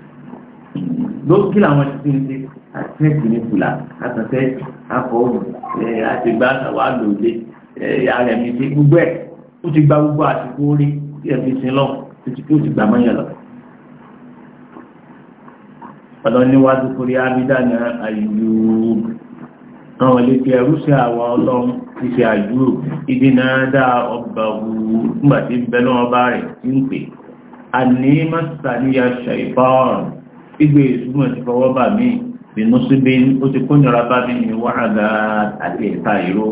ló kí làwọn ti ti ṣe àtẹ́kù ní fùlà àtàtẹ́ àfọwọ́ àtìgbà àtàwà lòlẹ̀ ààrẹ mi ti gbogbo ẹ̀ ó ti gba gbogbo àsìkò orí tí ẹ fi sin lọ títí kí ó ti gbà mọ́yàn lọ. ọ̀dọ́ níwájú kúrẹ́ ábídá ní àyù àwọn ìlẹ́tì ẹrú sí àwọn ọlọ́run ti ṣe àjú ibi náà dá ọba wù nígbà tí bẹ́lọ́wọ́ bá rẹ̀ ti ń pè àní mọ́sàlíyà ṣàìfọ́ọ̀rùn gbígbé ìtumọ̀ ti fọwọ́ bà mí bí mùsùlùmí ó ti kó nira bá mi ní wàhálà àti ìta ìró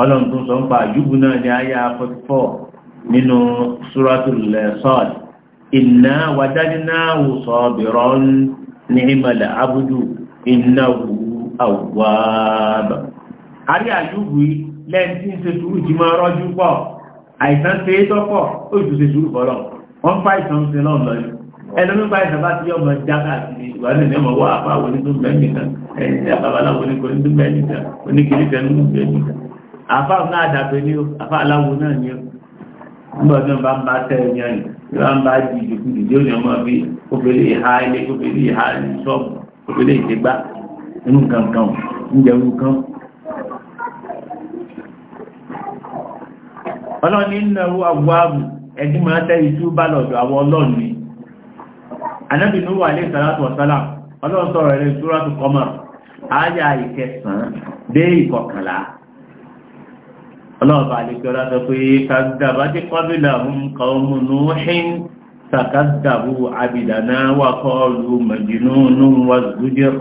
ọlọ́run tó sọ ń pa àjúbù náà ní àyà 44 nínú suratul Sad inna wajadnahu sabiran ni'mal abdu innahu awwab àrí àjúbù yìí lẹ́yìn tí ń ṣe sùúrù jí máa rọ́jú pọ̀ àìsàn ṣe é tọ́pọ̀ ó sì ṣe sùúrù fọ́lọ̀ wọ́n fà ìsàn ṣe lọ́nà lọ́yìn ẹlẹ́nu bá ìsàbá tí ọmọ jáká àti ìwádìí ní ọmọ wá apá onídùnmẹ́nìkan ẹ̀yìn tí àbábálá onídùnmẹ́nìkan oníkìlíkẹ́ onídùnmẹ́nìkan àfá náà dàbẹ̀ ní àfá aláwo náà ní ọgbọ̀n náà bá ń bá tẹ́ ẹ̀yìn ẹ̀yìn yóò ń bá di ìdìkú dìde ó ní ọmọ bí obìnrin ìhà ilé obìnrin ìhà ṣọ́ọ̀bù obìnrin ìdígbà inú kankan oúnjẹ orí kan. ọlọ́ni ń náwó àwọ̀ ààbò ẹ̀dí máa tẹ́ ìtú bá lọ́dọ̀ àwọn ọlọ́ọ̀ni anábì Nuhu alayhi salatu wa salam ọlọ́run sọ̀rọ̀ rẹ̀ Suratul Qamar ayà ìkẹsàn-án dé ìkọkànlá ọlọ́ọ̀bà àlejò ọlọ́sọ pé kàdàbà ti kọ́bílà hum qawmu Nuhin sàkàdàbù abìdànà wà qalu majnunun wazujir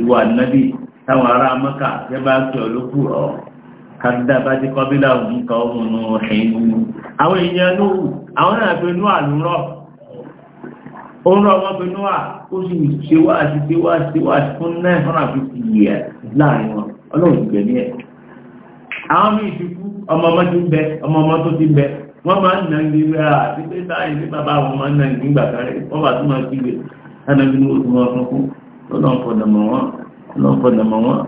ìwà nàbì táwọn ará mọ́kà tẹ́ bá pè ọ ló kúrọ̀ kàdúdà bá ti kọ́ bílà òun kọ́ òun nù ọ̀hìn àwọn èèyàn nù àwọn náà pe nù àlùrọ̀ ó rọ wọn pe nù à ó sì ṣe wá àti ṣe wá àti ṣe wá àti fún náà fúnra fi ti yẹ láàrin wọn ọlọ́run gbẹ̀mí ẹ̀ àwọn míì ti kú ọmọ ọmọ ti ń bẹ ọmọ ọmọ tó ti ń bẹ wọ́n máa ń nàn gbèrè àti pé báyìí ní bàbá àwọn máa ń nàn nígbà kan rẹ̀ wọ́n bá tún máa gbèrè ẹnàbí ní oṣù wọn fún kú wọn náà fọ́nà mọ́ wọn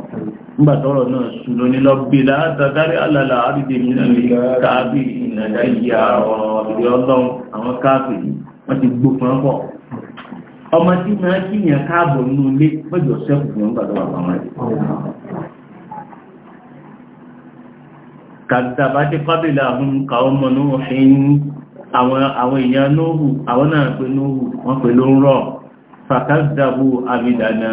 nígbà tọrọ náà ṣùgbọ́n ní lọ́gbé látàdárí alàlà àbídè mìíràn lè káàbì ìnàdá ìyá ọ̀rọ̀ ìdí ọlọ́run àwọn káàbì wọ́n ti gbó fún ọkọ̀ ọmọ tí máa kí yàn káàbọ̀ nínú ilé mẹ́jọ sẹ́kù fún ọgbà tó wà pàmò rẹ̀ kàdàbà dé pábìlì àwọn kàwọn ọmọ náà fi ń àwọn èèyàn nóòhù àwọn náà pé nóòhù wọ́n pè ló ń rọ̀ fàkàdàbò àbìdànà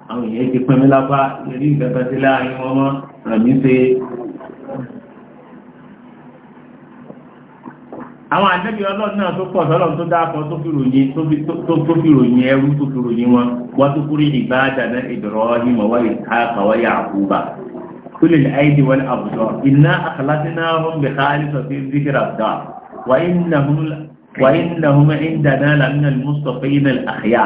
àwọn èèyàn ti pẹ́ mi lápá lórí ìgbẹ́fẹ́ sí láàrin wọn rẹ̀mí ṣe àwọn àdẹ́bí ọlọ́run náà tó pọ̀ sọ́lọ́run tó dáa tó tó fi ròyìn ẹrú tó fi ròyìn wọn wọ́n tó kúrò ìgbà àdàná ìdọ̀rọ̀ ní mọ̀wá ìkáàkàwọ́ yà àkúbà kúlè àìdí wọn àbùsọ̀ iná náà wọn bẹ̀ káàlì sọ̀fẹ́ zikira dà wà ìnàhùn ìdàná làmínà mustapha ìnà àkàyà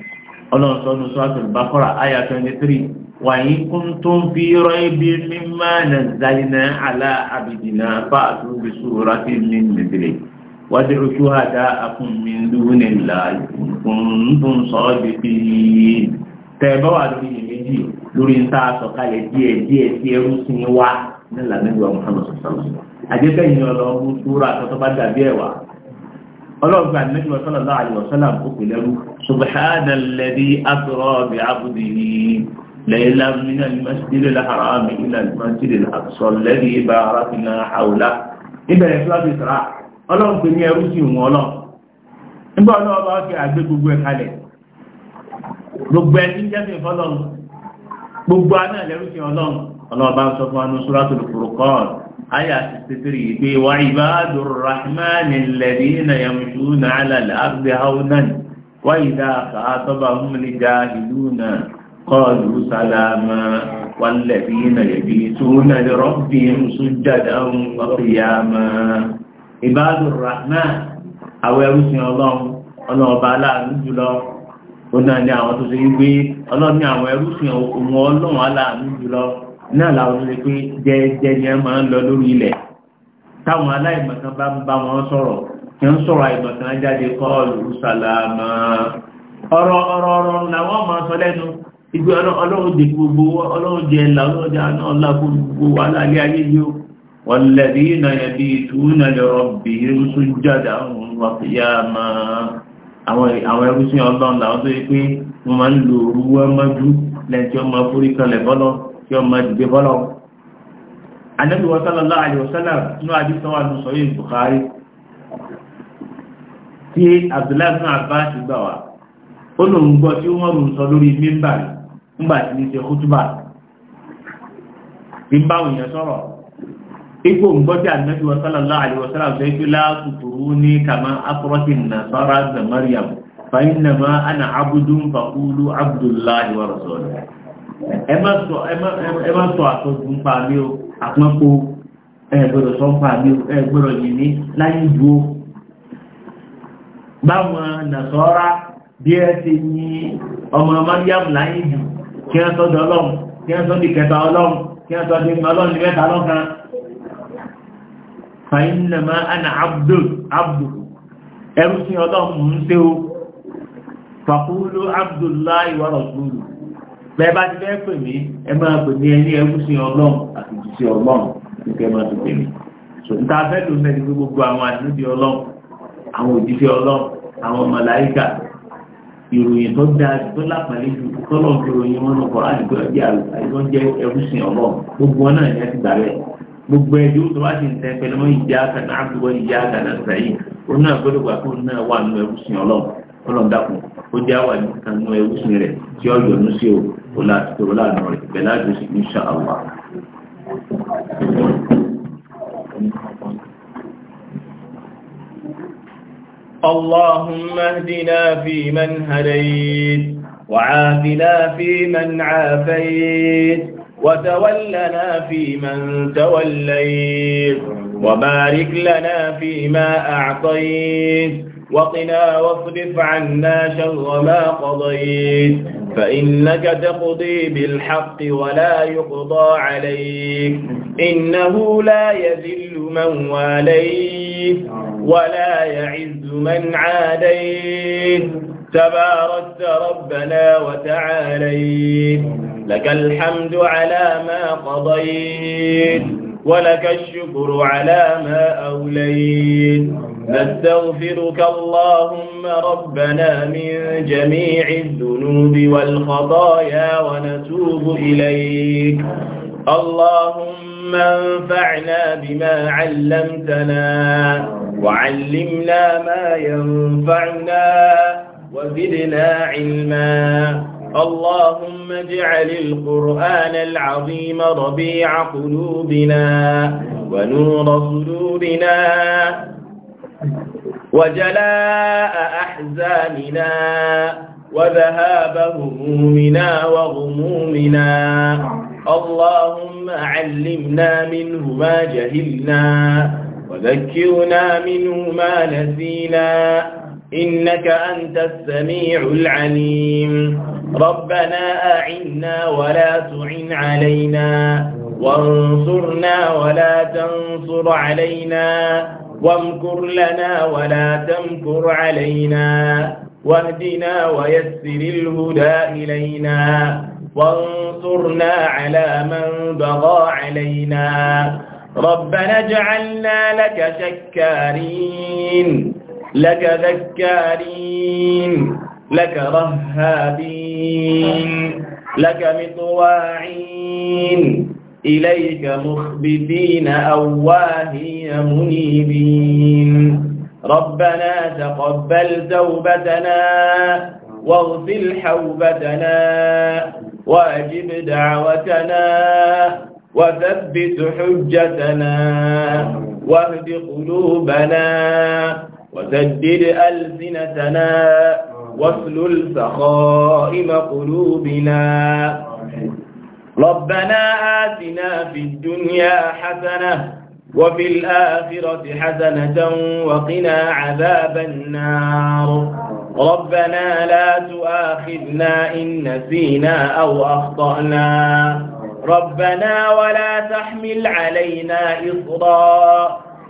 ọlọ́run sọ ní suratul Baqara àyà 23 wa in kuntum fi raybin mimma nazzalna ala abidina fa'tu bi suratin min mithlihi wad'u shuhada'akum min dunillahi in kuntum sadiqin tẹ̀bọ́ wà lórí ìmẹ́jì lórí ń sáà sọ̀kalẹ̀ díẹ̀ díẹ̀ sí ẹrú sí wa nílànà ìwà Muhammad sallallahu alaihi wasallam ọlọ́gbà nẹ́bí sallallahu alaihi wasallam kò pè lẹ́rú subhanalladhi asra bi abdihi laylan minal masjidil harami ilal masjidil aqsa alladhi barakna hawlahu níbẹ̀rẹ̀ fúlábì sara ọlọ́run pè ní ẹrú sí ìwọ̀n ọlọ́ nígbà ọlọ́run bá fi àgbé gbogbo ẹ̀ kalẹ̀ gbogbo ẹ̀ tí ń jẹ́sìn fọlọ́run gbogbo aná ẹ̀lẹ́rú sí ọlọ́run ọlọ́run bá ń sọ fún wa ní ayà títí ìgbé wà ibadur rahmani alladhina yamshuna ala al-ardi hawnan wa idha khatabahum al-jahiluna qalu salama walladhina yabituna li rabbihim sujjadan wa qiyama ibadur rahman àwọn ẹrú sin ọlọ́run ọlọ́ọ̀bá aláàánú jùlọ ó náà ní àwọn tó ṣe wípé ọlọ́run ní àwọn ẹrú sin ohun ọlọ́run náà làwọn tó ṣe pé jẹ́ẹ́jẹ́ ni ẹ máa ń lọ lórí ilẹ̀ táwọn aláìmọ̀kan bá ń bá wọn sọ̀rọ̀ kí ń sọ̀rọ̀ àìmọ̀kan jáde kọ́ọ̀lù sàlámà ọ̀rọ̀ ọ̀rọ̀ na làwọn ọmọ sọ lẹ́nu ibi ọlọ́run gbogbo ọlọ́run lẹ́tí ọmọ kí ọmọ ìgbé bọ́lọ̀ Ànábì sallallahu alaihi wasallam inú àdísọ́wà ní sọ́yìn Bukhari tí Abdullahi ibn Abbas gbà wá ó lòun gbọ́ tí wọ́n rùn sọ lórí mímbà nígbà tí ní ṣe kútùbà bí bá òyìn sọ̀rọ̀ ipò ńgbọ́jà Ànábì sallallahu alaihi wasallam sọ ikú látùtùrú ní kàmá afrọ́tì nasara da Maryam ana abdun faqulu Abdullahi wa rasuluhu ẹ má sọ àtọ́jú ń pa mí o àpọ́npo ẹgbẹ̀rọ̀ sọ ń pa mí o ẹgbẹ̀rọ̀ yìí ní láyé ìlú o báwọn nàṣọ́ra bí ẹ ti ní ọmọ Mariam láyé jù kí wọ́n sọ́dọ̀ ọlọ́run kí wọ́n sọ́dọ̀ ìkẹta ọlọ́run kí wọ́n sọ́dọ̀ ìmọ̀ ọlọ́run ní mẹ́ta lọ́kan fàínàmá àna abdu abdu ẹrú sí ọlọ́run ń tẹ́ o fàkúlù Abdullahi wa rasuluhu bẹ́ẹ̀ bá ti fẹ́ pè mí ẹ máa pè mí ẹni ẹkú sí ọlọ́run àti jù sí ọlọ́run nígbà máa ti pè mí ṣòun tá a fẹ́ lò mẹ́rin pé gbogbo àwọn àdúgbò ọlọ́run àwọn òjíṣẹ́ ọlọ́run àwọn màláíkà ìròyìn tó dáa jù tó lápàlẹ́ jù tọ́lọ̀ fi ròyìn wọn nù kọ́ àdìgbò ọjọ́ àìsàn jẹ́ ẹkú sí ọlọ́run gbogbo wọn náà yẹn ti gbà bẹ́ẹ̀ gbogbo ẹjọ́ tó wá sí ń tẹ́ pẹ̀lú mọ́ ìjà kan náà àdúgbò ìjà kan ọlọ́run dákun ó jẹ́ àwà ìkànnì ọlọ́dàkùn ó jẹ́ àwọn ìmọ̀kan nú ẹwùsùn rẹ̀ tí ó yọ̀nú sí o ọlá àtúntò ọlọ́àdùn rẹ̀ bẹ̀lá àjọṣe insha Allah. اللهم اهدنا فيمن هديت وعافنا فيمن عافيت وتولنا فيمن توليت وبارك لنا فيما أعطيت وقنا واصرف عنا شر ما قضيت فإنك تقضي بالحق ولا يقضى عليك إنه لا يذل من واليه ولا يعز من عاديه تباركت ربنا وتعاليت لك الحمد على ما قضيت ولك الشكر على ما أوليت نستغفرك اللهم ربنا من جميع الذنوب والخطايا ونتوب إليك اللهم انفعنا بما علمتنا وعلمنا ما ينفعنا وزدنا علما اللهم اجعل القرآن العظيم ربيع قلوبنا ونور صدورنا وجلاء أحزاننا وذهاب همومنا وغمومنا اللهم علمنا منه ما جهلنا وذكرنا منه ما نسينا إنك أنت السميع العليم ربنا أعنا ولا تعن علينا وانصرنا ولا تنصر علينا وامكر لنا ولا تمكر علينا واهدنا ويسر الهدى إلينا وانصرنا على من بغى علينا ربنا اجعلنا لك شكارين لك ذكارين لك رهابين لك مطواعين إليك مخبتين أواهي منيبين ربنا تقبل توبتنا واغسل حوبتنا واجب دعوتنا وثبت حجتنا واهد قلوبنا وسدد ألسنتنا واسلل سخائم قلوبنا ربنا آتنا في الدنيا حسنة وفي الآخرة حسنة وقنا عذاب النار ربنا لا تؤاخذنا إن نسينا أو أخطأنا ربنا ولا تحمل علينا إصرا